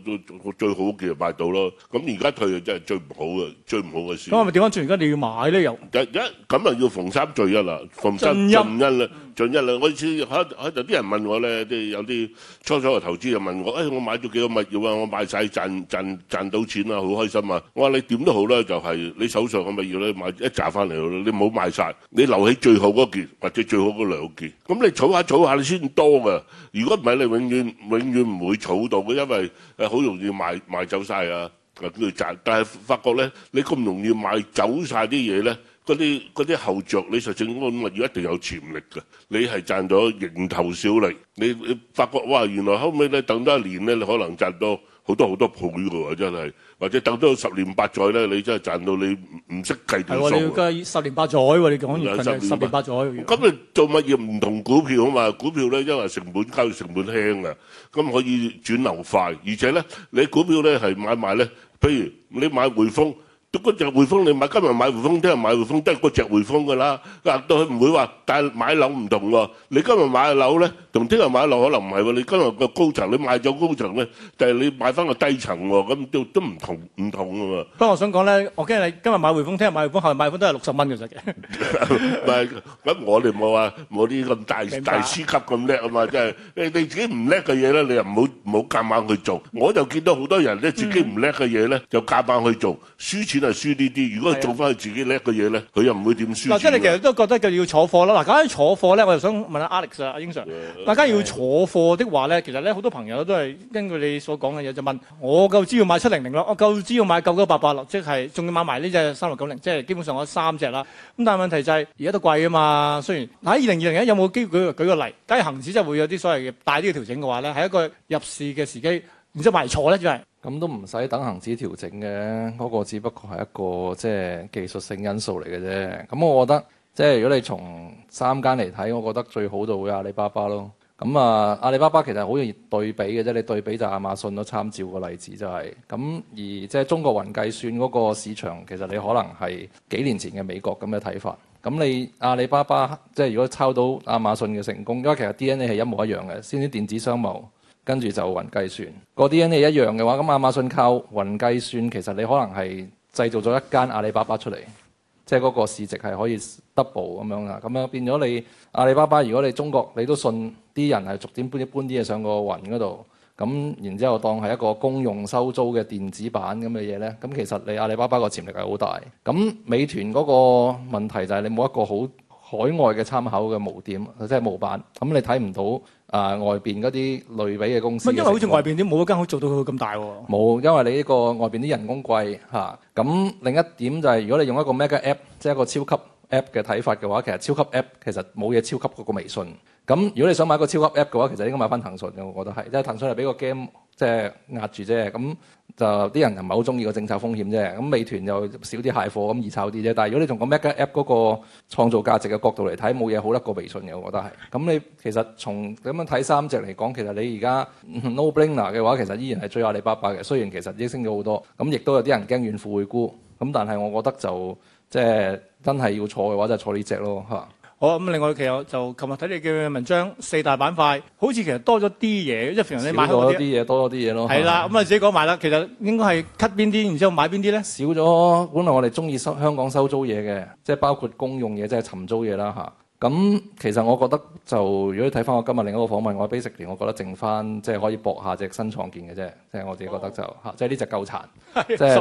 最好件賣到咯。咁而家退啊，真係最唔好嘅，最唔好嘅事。咁係咪點樣最而家你要買咧？又一一咁啊，要逢三聚一啦，逢三聚 一啦。盡一兩，我以前喺喺度啲人問我咧，即係有啲初初嚟投資又問我，哎，我買咗幾個物業啊，我買曬賺賺賺到錢啦，好開心啊！我話你點都好啦，就係你手上嘅物業咧，買一扎翻嚟，你唔好賣曬，你留喺最好嗰件或者最好嗰兩件，咁你儲下儲下你先多噶。如果唔係你永遠永遠唔會儲到嘅，因為誒好容易賣賣走曬啊，跟住賺。但係發覺咧，你咁容易賣走曬啲嘢咧。嗰啲嗰啲後著，你實證嗰個物業一定有潛力嘅。你係賺咗迎頭小利，你你發覺哇，原來後尾咧等多一年咧，你可能賺多好多好多倍嘅喎，真係。或者等多十年八載咧，你真係賺到你唔唔識計點算。係喎，你要計十年八載喎，你講完全係十年八載。咁你做乜嘢唔同股票啊嘛？股票咧，因為成本交易成本輕嘅，咁可以轉流快。而且咧，你股票咧係買賣咧，譬如你買匯豐。都嗰隻匯豐，你買今日買匯豐都係買匯豐，都係嗰隻匯豐㗎喇。嗱，對佢唔會話，但係買樓唔同喎。你今日買嘅樓呢？同聽日買樓可能唔係喎，你今日個高層你買咗高層咧，但係你買翻個低層喎，咁都都唔同唔同噶嘛。不過我想講咧，我今日今日買匯豐，聽日買匯豐，後日買匯豐都係六十蚊嘅啫。唔係，咁我哋冇話冇啲咁大大師級咁叻啊嘛，即係你自己唔叻嘅嘢咧，你又唔好唔好夾硬去做。我就見到好多人咧，自己唔叻嘅嘢咧，就夾硬去做，輸錢係輸呢啲。如果係做翻佢自己叻嘅嘢咧，佢又唔會點輸。嗱，即係你其實都覺得佢要坐貨啦。嗱，講起坐貨咧，我就想問下 Alex 啊，英 Sir。大家要坐貨的話咧，其實咧，好多朋友都係根據你所講嘅嘢就問我夠知，買700，我知買88，要買七零零啦，我夠知要買九九八八，即係仲要買埋呢隻三六九零，即係基本上我三隻啦。咁但係問題就係而家都貴啊嘛。雖然喺二零二零年有冇機會舉，舉個例，假如恆指就會有啲所謂嘅大啲嘅調整嘅話咧，係一個入市嘅時機，唔知買唔坐咧，即係。咁都唔使等恆指調整嘅，嗰、嗰個只不過係一個即係技術性因素嚟嘅啫。咁我覺得。即係如果你從三間嚟睇，我覺得最好就會阿里巴巴咯。咁啊，阿里巴巴其實好容易對比嘅啫。你對比就亞馬遜都參照個例子就係咁。而即係中國雲計算嗰個市場，其實你可能係幾年前嘅美國咁嘅睇法。咁你阿里巴巴即係如果抄到亞馬遜嘅成功，因為其實 DNA 係一模一樣嘅，先啲電子商務，跟住就雲計算。個 DNA 一樣嘅話，咁亞馬遜靠雲計算，其實你可能係製造咗一間阿里巴巴出嚟。即係嗰個市值係可以 double 咁樣啊，咁樣變咗你阿里巴巴，如果你中國你都信啲人係逐點搬一搬啲嘢上個雲嗰度，咁然之後當係一個公用收租嘅電子版咁嘅嘢咧，咁其實你阿里巴巴個潛力係好大。咁美團嗰個問題就係你冇一個好海外嘅參考嘅模點，即係模板。咁你睇唔到。啊、呃，外邊嗰啲類比嘅公司，因為好似外邊點冇一間好做到佢咁大喎、啊？冇，因為你呢個外邊啲人工貴嚇。咁、啊、另一點就係，如果你用一個 mega app，即係一個超級 app 嘅睇法嘅話，其實超級 app 其實冇嘢超級過個微信。咁如果你想買個超級 app 嘅話，其實應該買返騰訊嘅，我覺得係，即係騰訊係俾個 game 即係壓住啫。咁就啲人唔係好鍾意個政策風險啫。咁美團又少啲蟹貨咁易炒啲啫。但係如果你從個 mega app 嗰個創造價值嘅角度嚟睇，冇嘢好得過微信嘅，我覺得係。咁你其實從咁樣睇三隻嚟講，其實你而家 no brainer 嘅話，其實依然係追阿里巴巴嘅。雖然其實已經升咗好多，咁亦都有啲人驚遠富會沽。咁但係我覺得就即係真係要坐嘅話，就坐呢隻咯嚇。好咁，另外其實就琴日睇你嘅文章，四大板塊好似其實多咗啲嘢，即係譬如你買多啲。少咗啲嘢，多咗啲嘢咯。係啦，咁啊自己講埋啦。其實應該係 cut 邊啲，然之後買邊啲咧？少咗，本來我哋中意收香港收租嘢嘅，即係包括公用嘢，即係尋租嘢啦嚇。咁、啊、其實我覺得就如果你睇翻我今日另一個訪問，我 basically，我覺得剩翻即係可以搏下隻新創建嘅啫，即係我自己覺得就嚇、哦，即係呢隻夠殘，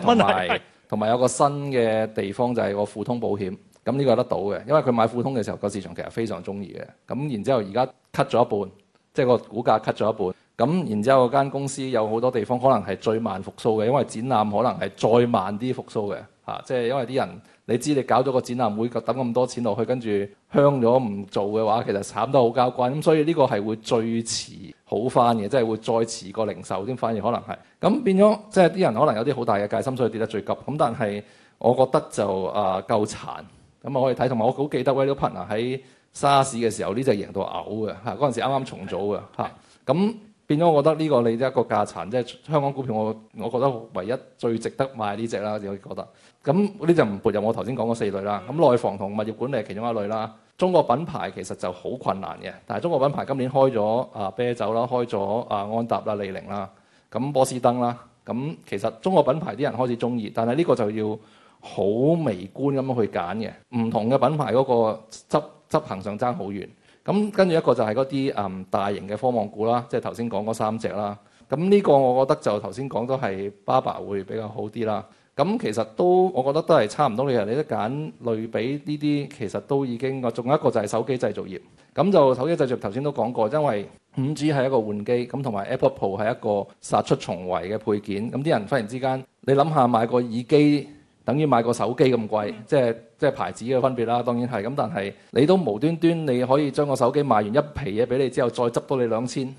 十蚊、同埋同埋有，有，有個新嘅地方就係、是、個富通保險。咁呢個得到嘅，因為佢買富通嘅時候個市場其實非常中意嘅。咁然之後而家 cut 咗一半，即係個股價 cut 咗一半。咁然之後間公司有好多地方可能係最慢復甦嘅，因為展覽可能係再慢啲復甦嘅嚇、啊。即係因為啲人你知你搞咗個展覽會等咁多錢落去，跟住香咗唔做嘅話，其實慘得好交關。咁所以呢個係會最遲好返嘅，即係會再遲過零售先，反而可能係咁變咗。即係啲人可能有啲好大嘅戒心，所以跌得最急。咁但係我覺得就啊夠殘。呃，夠殘咁啊，我哋睇，同埋我好記得呢個 partner 喺沙士嘅時候，呢隻贏到嘔嘅嚇，嗰陣時啱啱重組嘅嚇。咁變咗，我覺得呢個你一個價錢，即係香港股票，我我覺得唯一最值得買呢隻啦，我覺得。咁呢隻唔撥入我頭先講嗰四類啦。咁內房同物業管理係其中一類啦。中國品牌其實就好困難嘅，但係中國品牌今年開咗啊啤酒啦，開咗啊安踏啦、李寧啦，咁波司登啦。咁其實中國品牌啲人開始中意，但係呢個就要。好微觀咁樣去揀嘅，唔同嘅品牌嗰個執執行上爭好遠。咁跟住一個就係嗰啲嗯大型嘅科網股啦，即係頭先講嗰三隻啦。咁呢個我覺得就頭先講都係巴巴會比較好啲啦。咁其實都我覺得都係差唔多你人，你都揀類比呢啲，其實都已經。我仲有一個就係手機製造業。咁就手機製造頭先都講過，因為五 G 係一個換機咁，同埋 Apple Pro 係一個殺出重圍嘅配件。咁啲人忽然之間，你諗下買個耳機。等於買個手機咁貴，即係。即係牌子嘅分別啦，當然係咁。但係你都無端端，你可以將個手機賣完一皮嘢俾你之後，再執多你兩千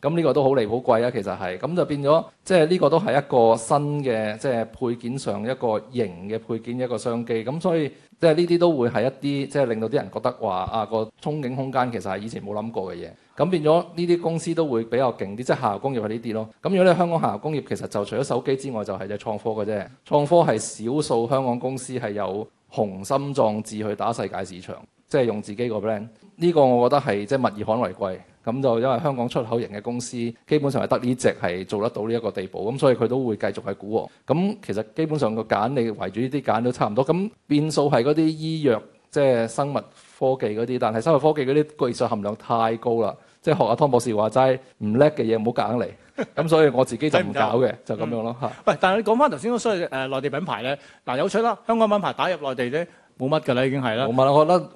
咁，呢個都好離好貴啊。其實係咁就變咗，即係呢個都係一個新嘅即係配件上一個型嘅配件、一個商機咁，所以即係呢啲都會係一啲即係令到啲人覺得話啊，個憧憬空間其實係以前冇諗過嘅嘢咁，變咗呢啲公司都會比較勁啲，即係下游工業係呢啲咯。咁如果你香港下游工業其實就除咗手機之外，就係隻創科嘅啫，創科係少數香港公司係有。雄心壯志去打世界市場，即係用自己 brand，這個 plan 呢個，我覺得係即係物以罕為貴咁就。因為香港出口型嘅公司基本上係得呢隻係做得到呢一個地步咁，嗯，所以佢都會繼續係鼓舞咁。其實基本上個揀你圍住呢啲揀都差唔多咁，嗯、變數係嗰啲醫藥即係生物科技嗰啲，但係生物科技嗰啲技術含量太高啦，即係學阿湯博士話齋唔叻嘅嘢唔好揀硬嚟。咁所以我自己就唔搞嘅，就咁樣咯嚇。喂，但係你講翻頭先，所謂誒內地品牌咧，嗱，有趣啦，香港品牌打入內地啫，冇乜㗎啦，已經係啦。冇乜，我覺得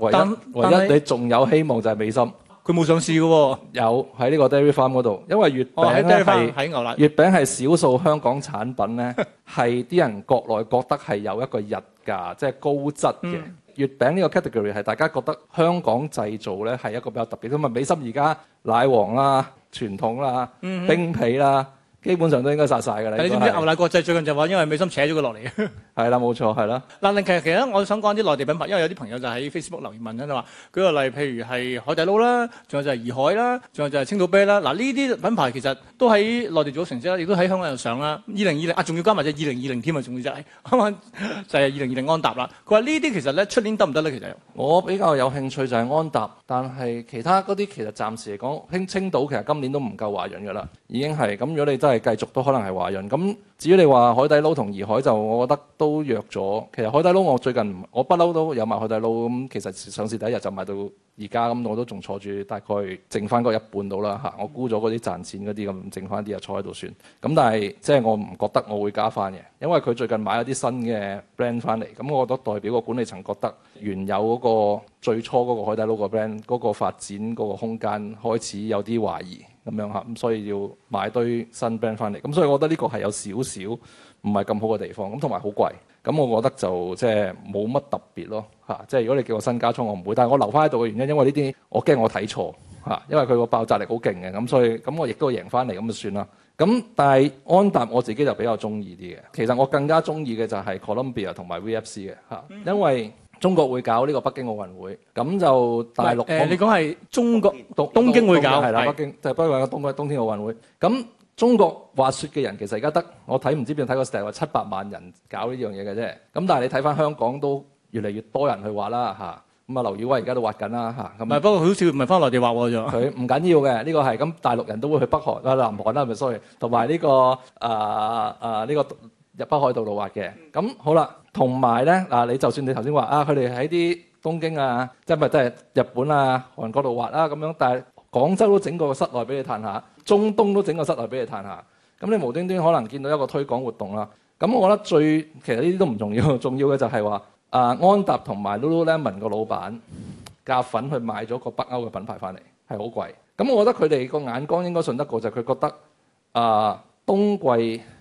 唯一唯一你仲有希望就係美心，佢冇上市嘅喎。有喺呢個 Dairy Farm 嗰度，因為月餅係牛奶。月餅係少數香港產品咧，係啲人國內覺得係有一個日價，即係高質嘅。月餅呢個 category 係大家覺得香港製造咧，係一個比較特別。咁啊美心而家奶黃啦、傳統啦、嗯、冰皮啦。基本上都應該殺晒㗎啦。你知唔知牛奶國際最近就話因為美心扯咗佢落嚟啊？係 啦，冇錯，係啦。嗱，另其實其實我想講啲內地品牌，因為有啲朋友就喺 Facebook 留言問啦，就話舉個例，譬如係海底撈啦，仲有就係頤海啦，仲有就係青島啤啦。嗱，呢啲品牌其實都喺內地組成即啦，亦都喺香港有上啦。二零二零啊，仲要加埋隻二零二零添啊，仲要就係啱啱就係二零二零安踏啦。佢話呢啲其實咧出年得唔得咧？其實我比較有興趣就係安踏，但係其他嗰啲其實暫時嚟講，興青島其實今年都唔夠華潤㗎啦，已經係咁。如果你真係繼續都可能係華潤咁。至於你話海底撈同頤海就，就我覺得都弱咗。其實海底撈我最近不我不嬲都有買海底撈咁，其實上市第一日就買到而家咁，我都仲坐住，大概剩翻嗰一半到啦嚇。我沽咗嗰啲賺錢嗰啲咁，剩翻啲啊坐喺度算。咁但係即係我唔覺得我會加翻嘅，因為佢最近買咗啲新嘅 brand 翻嚟，咁我覺得代表個管理層覺得原有嗰個最初嗰個海底撈個 brand 嗰個發展嗰個空間開始有啲懷疑。咁樣嚇，咁所以要買一堆新 brand 翻嚟。咁所以我覺得呢個係有少少唔係咁好嘅地方，咁同埋好貴。咁我覺得就即係冇乜特別咯嚇、啊。即係如果你叫我新加倉，我唔會。但係我留翻喺度嘅原因，因為呢啲我驚我睇錯嚇、啊，因為佢個爆炸力好勁嘅。咁所以咁我亦都贏翻嚟咁就算啦。咁、啊、但係安踏我自己就比較中意啲嘅。其實我更加中意嘅就係 Columbia 同埋 VFC 嘅嚇、啊，因為。中國會搞呢個北京奧運會，咁就大陸誒，你講係中國東京會搞係啦，北京就包括個東京冬天奧運會。咁中國滑雪嘅人其實而家得我睇唔知邊度睇過個 data，七百萬人搞呢樣嘢嘅啫。咁但係你睇翻香港都越嚟越多人去滑啦嚇。咁啊，劉雨威而家都滑緊啦嚇。唔係，不過好似唔係翻內地滑喎，仲佢唔緊要嘅。呢個係咁，大陸人都會去北韓啊、南韓啦，係咪 sorry 同埋呢個啊啊呢個。入北海道度滑嘅，咁、嗯、好啦。同埋咧，嗱你就算你頭先話啊，佢哋喺啲東京啊，即係咪都係日本啊、韓國度滑啦、啊、咁樣，但係廣州都整個室內俾你嘆下，中東都整個室內俾你嘆下。咁你無端端可能見到一個推廣活動啦。咁我覺得最其實呢啲都唔重要，重要嘅就係話啊，安踏同埋 Lululemon 個老闆夾粉去買咗個北歐嘅品牌翻嚟，係好貴。咁我覺得佢哋個眼光應該順得過，就係、是、佢覺得啊，冬季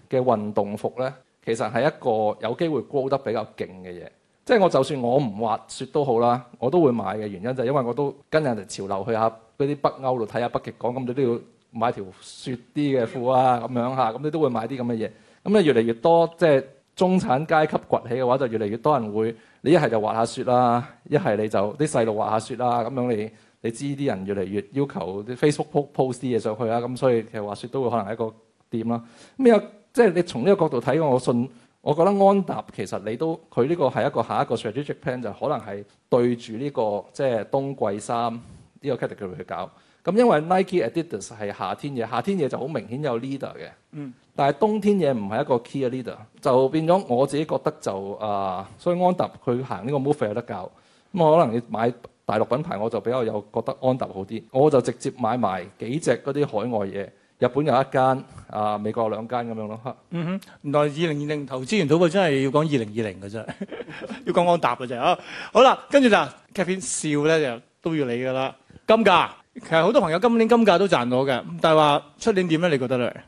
嘅運動服咧。其實係一個有機會高得比較勁嘅嘢，即係我就算我唔滑雪都好啦，我都會買嘅原因就係因為我都跟人哋潮流去下嗰啲北歐度睇下北極港，咁你都要買條雪啲嘅褲啊咁樣嚇，咁你都會買啲咁嘅嘢。咁你越嚟越多，即係中產階級崛起嘅話，就越嚟越多人會你一係就滑下雪啦，一係你就啲細路滑下雪啦，咁樣你你知啲人越嚟越要求啲 Facebook post 啲嘢上去啦，咁所以其實滑雪都會可能係一個店啦。咁啊～即係你從呢個角度睇嘅，我信我覺得安踏其實你都佢呢個係一個下一個 strategic plan 就可能係對住呢、呢個即係、即係、冬季衫呢個 category 去搞。咁因為 Nike、Adidas 係夏天嘢，夏天嘢就好明顯有 leader 嘅。嗯。但係冬天嘢唔係一個 key leader，就變咗我自己覺得就啊、呃，所以安踏佢行呢個 move 有得搞。咁啊，可能要買大陸品牌，我就比較有覺得安踏好啲。我就直接買埋幾隻嗰啲海外嘢。日本有一間，啊，美國有兩間咁樣咯。嗯哼，原來二零二零投資研討會真係要講二零二零嘅啫， 要講安踏嘅啫啊。好啦，跟住就劇片笑咧就都要你嘅啦。金價其實好多朋友今年金價都賺到嘅，但係話出年點咧？你覺得咧？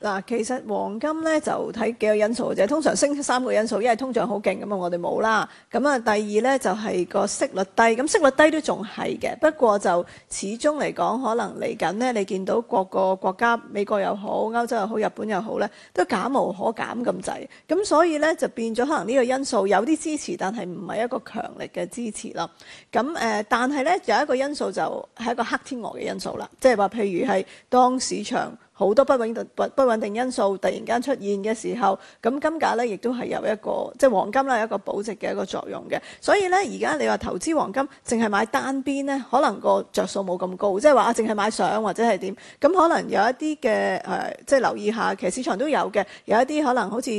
嗱，其實黃金咧就睇幾個因素嘅啫。通常升三個因素，一係通脹好勁，咁啊我哋冇啦。咁啊，第二咧就係、是、個息率低，咁息率低都仲係嘅。不過就始終嚟講，可能嚟緊咧，你見到各個國家，美國又好，歐洲又好，日本又好咧，都減無可減咁滯。咁所以咧就變咗，可能呢個因素有啲支持，但係唔係一個強力嘅支持咯。咁誒、呃，但係咧有一個因素就係一個黑天鵝嘅因素啦，即係話譬如係當市場，好多不穩定不不穩定因素突然間出現嘅時候，咁金價咧亦都係有一個即係黃金咧有一個保值嘅一個作用嘅。所以咧而家你話投資黃金，淨係買單邊咧，可能個着數冇咁高，即係話啊淨係買相或者係點，咁可能有一啲嘅誒，即係留意下，其實市場都有嘅，有一啲可能好似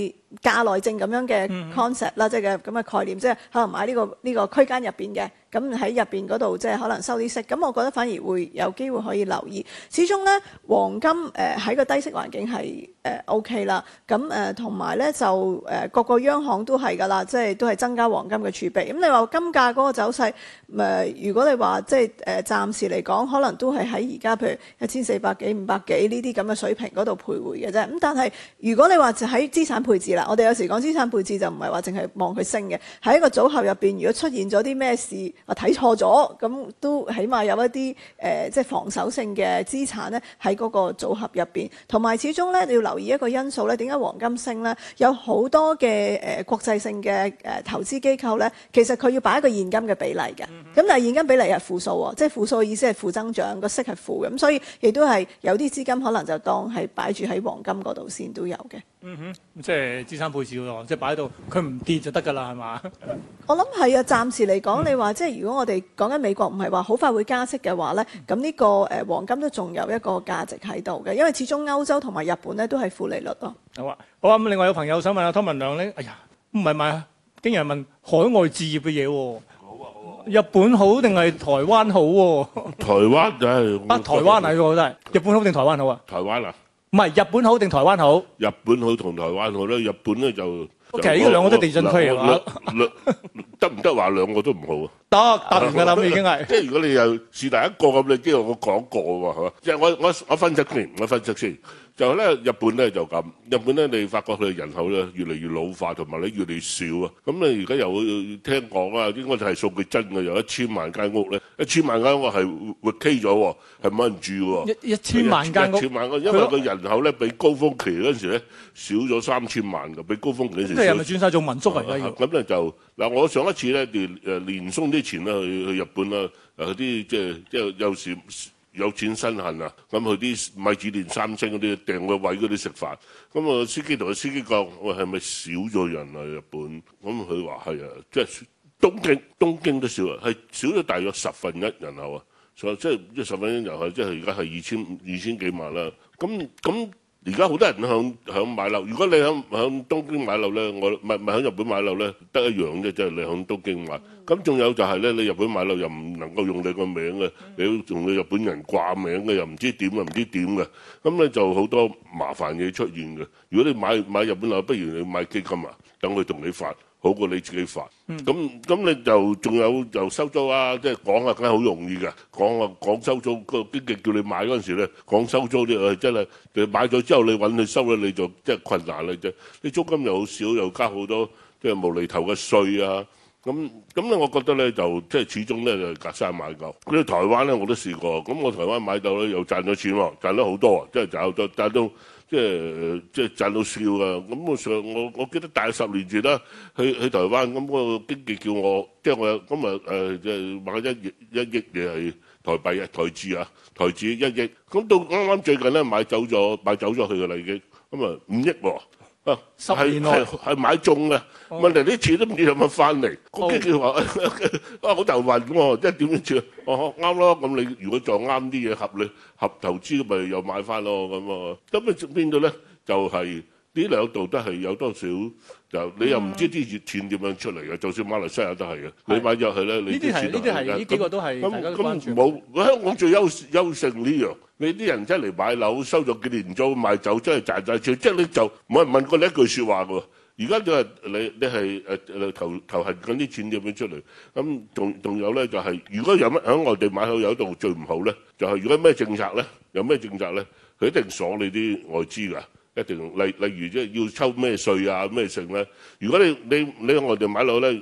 價內證咁樣嘅 concept 啦、嗯嗯，即係嘅咁嘅概念，即係可能買呢個呢個區間入邊嘅。咁喺入邊嗰度即係可能收啲息，咁我覺得反而會有機會可以留意。始終呢，黃金誒喺、呃、個低息環境係。誒 OK 啦，咁誒同埋咧就誒各個央行都係㗎啦，即係都係增加黃金嘅儲備。咁你話金價嗰個走勢，誒如果你話即係誒暫時嚟講，可能都係喺而家譬如一千四百幾、五百幾呢啲咁嘅水平嗰度徘徊嘅啫。咁但係如果你話就喺資產配置啦，我哋有時講資產配置就唔係話淨係望佢升嘅，喺一個組合入邊，如果出現咗啲咩事，我睇錯咗，咁都起碼有一啲誒即係防守性嘅資產咧喺嗰個組合入邊，同埋始終咧你要留意。而一個因素咧，點解黃金升咧？有好多嘅誒、呃、國際性嘅誒、呃、投資機構咧，其實佢要擺一個現金嘅比例嘅。咁、mm hmm。但係現金比例係負數喎，即係負數意思係負增長，個息係負嘅。咁所以亦都係有啲資金可能就當係擺住喺黃金嗰度先都有嘅。嗯哼，即係資產配置喎，即係擺喺度，佢唔跌就得噶啦，係嘛？我諗係啊，暫時嚟講，嗯、你話即係如果我哋講緊美國唔係話好快會加息嘅話咧，咁呢、嗯呢個誒、呃、黃金都仲有一個價值喺度嘅，因為始終歐洲同埋日本咧都係負利率咯。好啊，好啊，咁、嗯、另外有朋友想問啊，湯文亮咧，哎呀，唔係唔係，竟然問海外置業嘅嘢喎。好啊，好日本好定係台灣好喎？台灣誒，啊台灣係真係，日本好定台灣好啊？好啊，好啊，好台灣嗱、啊。唔係日本好定台，台灣好？日本好同台灣好咧，日本咧就其實呢個兩個都地震區啊嘛。得唔得話兩個都唔好啊？得行，得我諗已經係。即係如果你又是第一個咁，你都要我講個喎，係嘛？即係我我我分析，先，我分析，我分析先分析。就係咧，日本咧就咁。日本咧，你發覺佢嘅人口咧越嚟越老化，同埋咧越嚟越少啊。咁你而家又會聽講啊，應該就係數據真㗎。有一千萬間屋咧，一千萬間屋係活 K 咗喎，係冇人住喎。一一千萬間屋，間因為個人口咧比高峰期嗰陣時咧少咗三千萬㗎，比高峰期嗰陣時。咁咧又咪轉晒做民宿嚟㗎？要咁咧就嗱、啊，我上一次咧誒連松之前啦去去日本啦，嗰、啊、啲即係即係有時。有錢身痕啊！咁佢啲米芝蓮三星嗰啲訂個位嗰啲食飯，咁啊司機同個司機講：喂，係咪少咗人啊？日本咁佢話係啊，即係東京東京都少啊，係少咗大約十分一人口啊！所以即係十分一人口，即係而家係二千二千幾萬啦。咁咁。而家好多人都響響買樓，如果你響響東京買樓咧，我唔係唔係響日本買樓咧，得一樣啫，即係你響東京買。咁仲有就係咧，你日本買樓又唔能夠用你個名嘅，你要用你日本人掛名嘅，又唔知點又唔知點嘅，咁咧就好多麻煩嘢出現嘅。如果你買買日本樓，不如你買基金啊，等佢同你發。好過你自己煩，咁咁、嗯、你就仲有就收租啊，即係講啊，梗係好容易嘅。講啊講收租，嗰個經紀叫你買嗰陣時咧，講收租啲啊、哎、真係，你買咗之後你揾佢收咧，你就即係困難啦啫。你租金又好少，又加好多即係無厘頭嘅稅啊。咁咁咧，我覺得咧就即係始終咧就是，隔山買牛。嗰啲台灣咧我都試過，咁我台灣買牛咧又賺咗錢喎，賺咗好多啊，即係賺好多賺即係即係賺到笑㗎、啊，咁我上我我記得大十年前啦，去去台灣咁、嗰個經紀叫我，即係我有咁啊誒買一,一億一億嘢係台幣台啊台幣啊台幣一億，咁到啱啱最近咧買走咗買走咗佢嘅利益，經，咁啊五億喎。啊，係係係買中嘅，的問題呢次都唔知有冇翻嚟。公司的話，我 好頭暈咁，即係點樣做？ 哦，啱咯，咁你如果撞啱啲嘢，合理合投資，咪又買翻咯咁啊。咁啊，邊度咧就係、是、呢兩度都係有多少？就你又唔知啲熱錢點樣出嚟嘅，就算馬來西亞都係嘅。你買入去咧，呢啲係呢啲係呢幾個都係，大家關注。冇，香港最優優勝呢樣，你啲人出嚟買樓收咗幾年租賣走，真係賺大錢。即係你就冇人問過你一句説話嘅喎。而家就係你你係誒投投閒緊啲錢點樣出嚟？咁仲仲有咧就係如果有乜喺外地買到有一道最唔好咧，就係如果咩政策咧，有咩政策咧，佢一定鎖你啲外資㗎。一定，例例如，即係要抽咩稅啊咩剩咧。如果你你你喺外地買樓咧。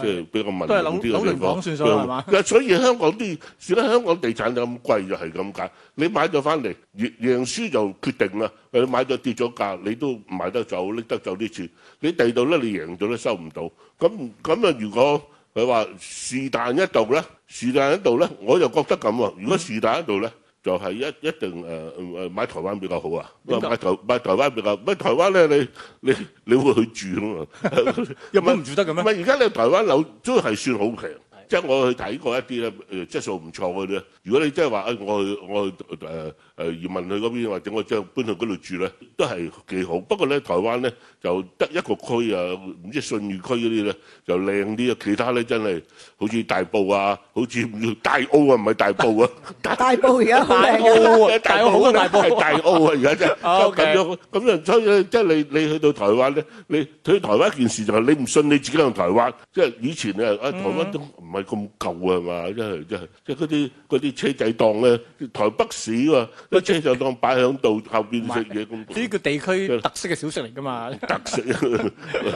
即係比較敏感啲嘅地方，係嘛？所以香港啲，算家香港地產就咁貴就係咁解。你買咗翻嚟，贏輸就決定啦。你買咗跌咗價，你都賣得走，拎得走啲錢。你第二度咧，你贏咗都收唔到。咁咁啊！如果佢話是但一度咧，是但一度咧，我就覺得咁喎。如果是但一度咧，嗯就係一,一定誒、呃、買台灣比較好啊！樣買台買台灣比較好，乜台灣咧你你，你會去住㗎、啊、嘛？日本唔住得嘅咩？唔係而家你台灣樓都係算好平。即係我去睇過一啲咧，質素唔錯嗰啲咧。如果你即係話，我去我去誒誒移民去嗰邊，或者我將搬去嗰度住咧，都係幾好。不過咧，台灣咧就得一個區啊，唔知信義區嗰啲咧就靚啲啊。其他咧真係好似大埔啊，好似大澳啊，唔係大埔啊。大埔而家好靚啊，大澳好大埔。像像大澳啊，而家真係咁樣咁樣。所以即係你你去到台灣咧，你去台灣一件事就係你唔信你自己係台灣。即係以前啊，台灣都唔係，嗯。咁舊啊係嘛，真係真係，即係嗰啲嗰啲車仔檔咧，台北市喎啲車仔檔擺喺度後邊食嘢咁。呢個地區特色嘅小食嚟㗎嘛，特色啊！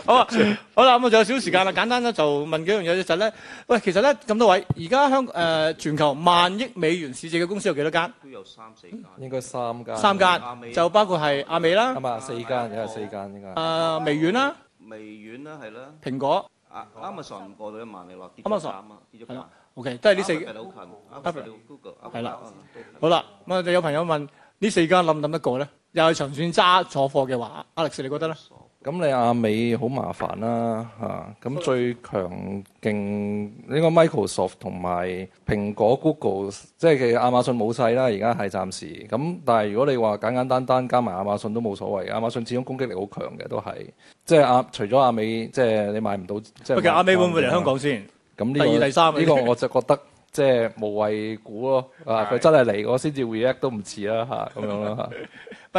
好啊，好啦，咁我仲有少少時間啦，簡單咧就問幾樣嘢就係咧。喂，其實咧咁多位，而家香誒全球萬億美元市值嘅公司有幾多間？都有三四間。應該三間。三間。就包括係亞美啦。咁啊，四間，又係四間，應該。誒，微軟啦。微軟啦，係啦。蘋果。啊！啱啱上唔過到一萬，你落跌咗幾下啊！OK，都係呢四個。係、啊、啦，好啦，咁啊就有朋友問四想想得得呢四間，諗唔諗得過咧？又係長線揸坐貨嘅話，阿力士你覺得咧？咁你亞美好麻煩啦，嚇、啊！咁最強勁呢、呢個 Microsoft 同埋蘋果 Google，即係其實亞馬遜冇勢啦，而家係暫時。咁但係如果你話簡簡單單，單加埋亞馬遜都冇所謂，亞馬遜始終攻擊力好強嘅，都係。即係亞、啊、除咗亞美，即係你買唔到，即係亞美會唔會嚟香港先？咁呢、啊呢個呢個我就覺得 即係無謂估咯。啊，佢真係嚟，我先至 react 都唔遲啦，嚇、啊、咁樣啦。啊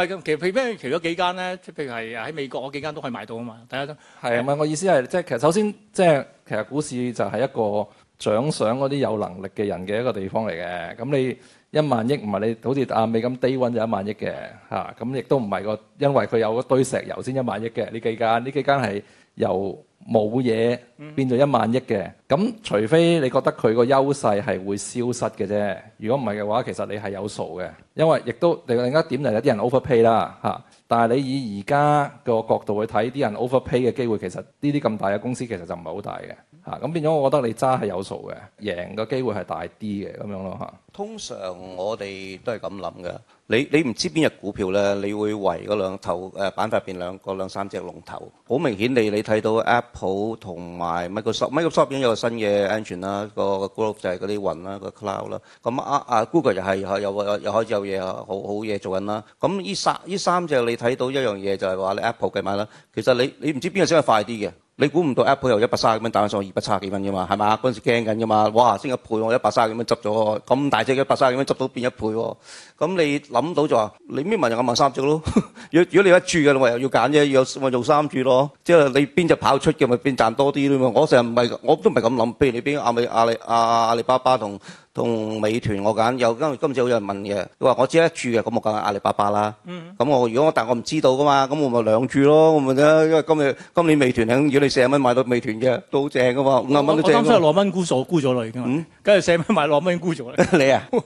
其實，其譬如咩？除咗幾間咧，即譬如係喺美國嗰幾間都可以買到啊嘛。大家都係，啊，係我意思係即係其實，首先即係其實股市就係一個獎賞嗰啲有能力嘅人嘅一個地方嚟嘅。咁你一萬億唔係你好似阿美咁低溫就一萬億嘅嚇。咁、啊、亦都唔係個因為佢有一個堆石油先一萬億嘅，呢幾間呢幾間係。由冇嘢變做一萬億嘅，咁除非你覺得佢個優勢係會消失嘅啫。如果唔係嘅話，其實你係有數嘅，因為亦都另一點就係有啲人 overpay 啦嚇。但係你以而家個角度去睇，啲人 overpay 嘅機會，其實呢啲咁大嘅公司其實就唔係好大嘅嚇。咁變咗，我覺得你揸係有數嘅，贏嘅機會係大啲嘅咁樣咯嚇。通常我哋都係咁諗㗎。你你唔知邊隻股票咧，你會圍嗰兩頭板塊入邊兩個兩三隻龍頭，好、呃、明顯你你睇到 Apple 同埋 Microsoft，Microsoft 已經有個新嘅安全啦，個 growth 就係嗰啲雲啦，個 cloud 啦，咁啊啊 Google 又係又又又開始有嘢好好嘢做緊啦，咁呢三呢三隻你睇到一樣嘢就係話你 Apple 計埋啦，其實你你唔知邊個先係快啲嘅。你估唔到 Apple 又一百三十幾蚊打上二百三十幾蚊嘅嘛？係嘛？嗰陣時驚緊嘅嘛？哇！先一倍喎，一百三十幾蚊執咗，咁大隻一百三十幾蚊執到變一倍喎？咁你諗到就話，你咩問就咁問三隻咯？若 如果你一注嘅，你咪又要揀啫，要我做三注咯，即係你邊隻跑出嘅咪邊賺多啲咯？我成日唔係我都唔係咁諗，譬如你邊亞美、阿里、阿、啊、阿里巴巴同。同美團我揀，又今今次好有人問嘅，佢話我知一注嘅，咁我揀阿里巴巴啦。咁我如果我但係我唔知道噶嘛，咁我咪兩注咯。我咪得，因為今月、嗯、今，今年美團如果你四十蚊買到美團嘅都好正噶嘛。五十蚊都正喎。我今日六蚊沽咗，沽咗啦已經。嗯，梗係四十蚊、嗯、買六蚊沽咗啦。 你啊，即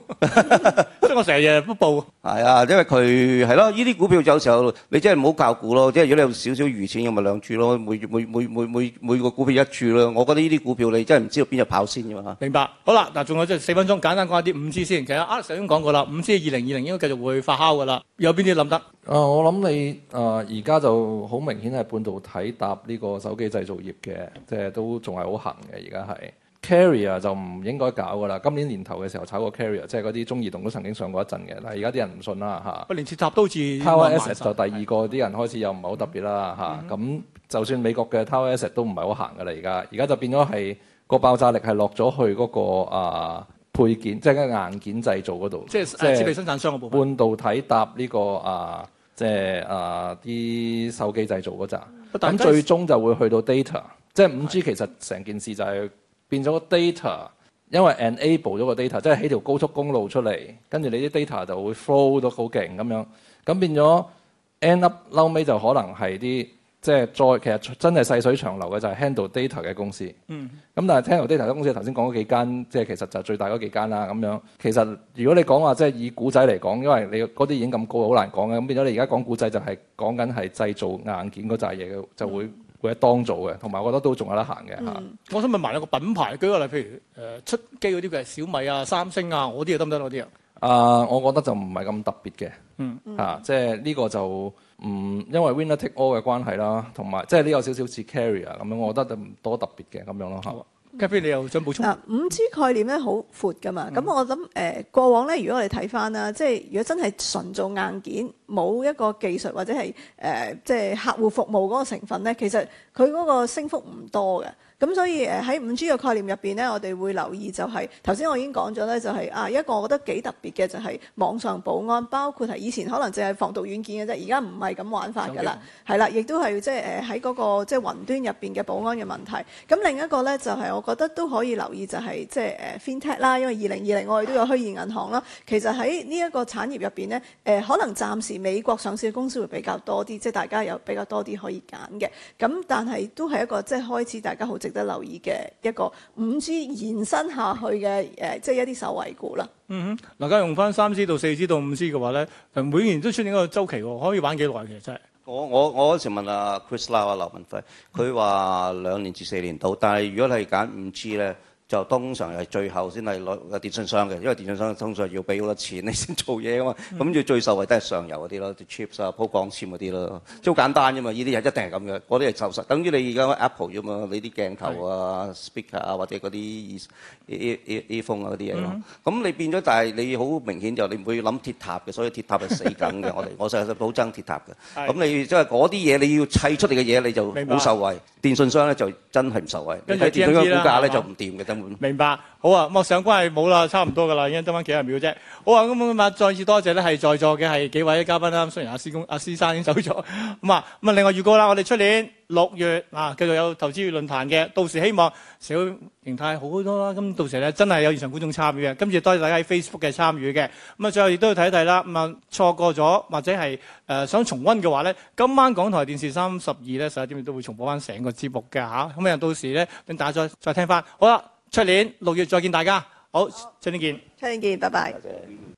係 我成日日日都報。係 啊，因為佢係咯，呢啲股票有時候，你真係唔好靠估咯。即係如果你有少少餘錢，咁咪兩注咯。每每每每每每，每，每個股票一注咯。我覺得呢啲股票你真係唔知道邊日跑先㗎嘛嚇。明白。好啦，嗱，仲有即係四咁簡單講下啲五 G 先，其實就阿石先講過啦。五 G 二零二零應該繼續會發酵噶啦。有邊啲諗得？啊、呃，我諗你啊，而、呃、家就好明顯係半導體搭呢個手機製造業嘅，即係都仲係好行嘅。而家係 carrier 就唔應該搞噶啦。今年年頭嘅時候炒過 carrier，即係嗰啲中移動都曾經上過一陣嘅，但係而家啲人唔信啦嚇。連設集都好似。Tower S Power s 就第二個啲的人開始又唔係好特別啦嚇。咁、嗯啊、就算美國嘅 Tower S s 都唔係好行嘅啦而家。而家就變咗係個爆炸力係落咗去嗰個啊。配件即係嘅硬件製造嗰度，即係是設是備生產商嘅部分半導體搭呢、這個啊、呃，即係啊啲手機製造嗰陣，咁、嗯、最終就會去到 data、嗯。即係五 G 其實成件事就係變咗個 data，的因為 enable 咗個 data，即係起條高速公路出嚟，跟住你啲 data 就會 flow 得好勁咁樣，咁變咗 end up 埋尾就可能係啲。即係再其實真係細水長流嘅就係 handle data 嘅公司。嗯。咁但係 handle data 啲公司頭先講嗰幾間，即係其實就係最大嗰幾間啦。咁樣其實如果你講話即係以股仔嚟講，因為你嗰啲已經咁高，好難講嘅、就是。咁變咗你而家講股仔就係講緊係製造硬件嗰扎嘢嘅就會會當做嘅，同埋我覺得都仲有得行嘅嚇。我想問埋一個品牌，舉個例，譬如誒出機嗰啲嘅小米啊、三星啊，嗰啲得唔得嗰啲啊？啊，我覺得就唔係咁特別嘅。嗯嗯。即係呢個就。嗯。嗯，因為 winner take all 嘅關係啦，同埋即係呢有少少似 carrier 咁樣、嗯，我覺得就唔多特別嘅咁樣咯嚇。Kathy 吧你又想補充？啊，五 G 概念咧好闊㗎嘛，咁、嗯、我諗誒、呃、過往咧，如果我哋睇返啦，即係如果真係純做硬件，冇一個技術或者係誒即係客戶服務嗰個成分咧，其實佢嗰個升幅唔多嘅。咁所以誒喺五 G 嘅概念入邊咧，我哋會留意就係頭先我已經講咗咧，就係、是、啊一個我覺得幾特別嘅就係、是、網上保安，包括係以前可能淨係防毒軟件嘅啫，而家唔係咁玩法㗎啦，係啦去，亦都係即係誒喺嗰個即係、就是、雲端入邊嘅保安嘅問題。咁另一個咧就係我覺得都可以留意就係即係誒 FinTech 啦，因為二零二零我哋都有虛擬銀行啦。其實喺呢一個產業入邊咧，誒可能暫時美國上市嘅公司會比較多啲，即、就、係、是、大家有比較多啲可以揀嘅。咁但係都係一個即係、就是、開始，大家好。值得留意嘅一個五 G 延伸下去嘅誒，即、呃、係、就是、一啲受惠股啦。嗯哼，嗱，而家用翻三 G 到四 G 到五 G 嘅話咧，每年都出現一個周期，可以玩幾耐其實真係。我我我嗰時問阿 Chris 啦，Lau 啊劉文輝，佢話兩年至四年到，但係如果你係揀五 G 咧。就通常係最後先係攞個電信商嘅，因為電信商通常要俾好多錢你先做嘢噶嘛。咁要、mm hmm. 最受惠都係上游嗰啲咯，chips 啊、鋪光纖嗰啲咯，即係好簡單啫嘛。呢啲係一定係咁嘅。嗰啲係受惠，等於你而家 Apple 啫嘛，你啲鏡頭啊、是 speaker 啊或者嗰啲 iPhone 啊嗰啲嘢咯。咁、mm hmm. 你變咗，但係你好明顯就你唔會諗鐵塔嘅，所以鐵塔係死梗嘅。 我哋我成日都好憎鐵塔嘅。咁 你即係嗰啲嘢你要砌出嚟嘅嘢，你就冇受惠。白電信商咧就真係唔受惠，喺然後 電信嘅估價咧吧就唔掂嘅。明白，好啊，莫、嗯、上關係冇啦，差唔多㗎喇，已經得返幾十秒啫。好啊，咁咁啊，再次多謝咧，係在座嘅係幾位嘅嘉賓啦、啊。雖然阿施公、阿施生已經走咗，咁、嗯、啊、嗯，另外預告啦，我哋出年，六月啊，繼續有投資論壇嘅，到時希望社會形態好好多啦。咁到時咧真係有現場觀眾參與嘅，今次多謝大家喺 Facebook 嘅參與嘅。咁、嗯、啊，最後亦都要睇一睇啦。咁、嗯、啊，錯過咗或者係誒、呃、想重溫嘅話咧，今晚港台電視三十二咧，十一點都會重播翻成個節目嘅嚇。咁啊、嗯，到時咧，等大家再再聽翻。好啦，出年六月再見大家。好，出好年見。出年見，拜拜。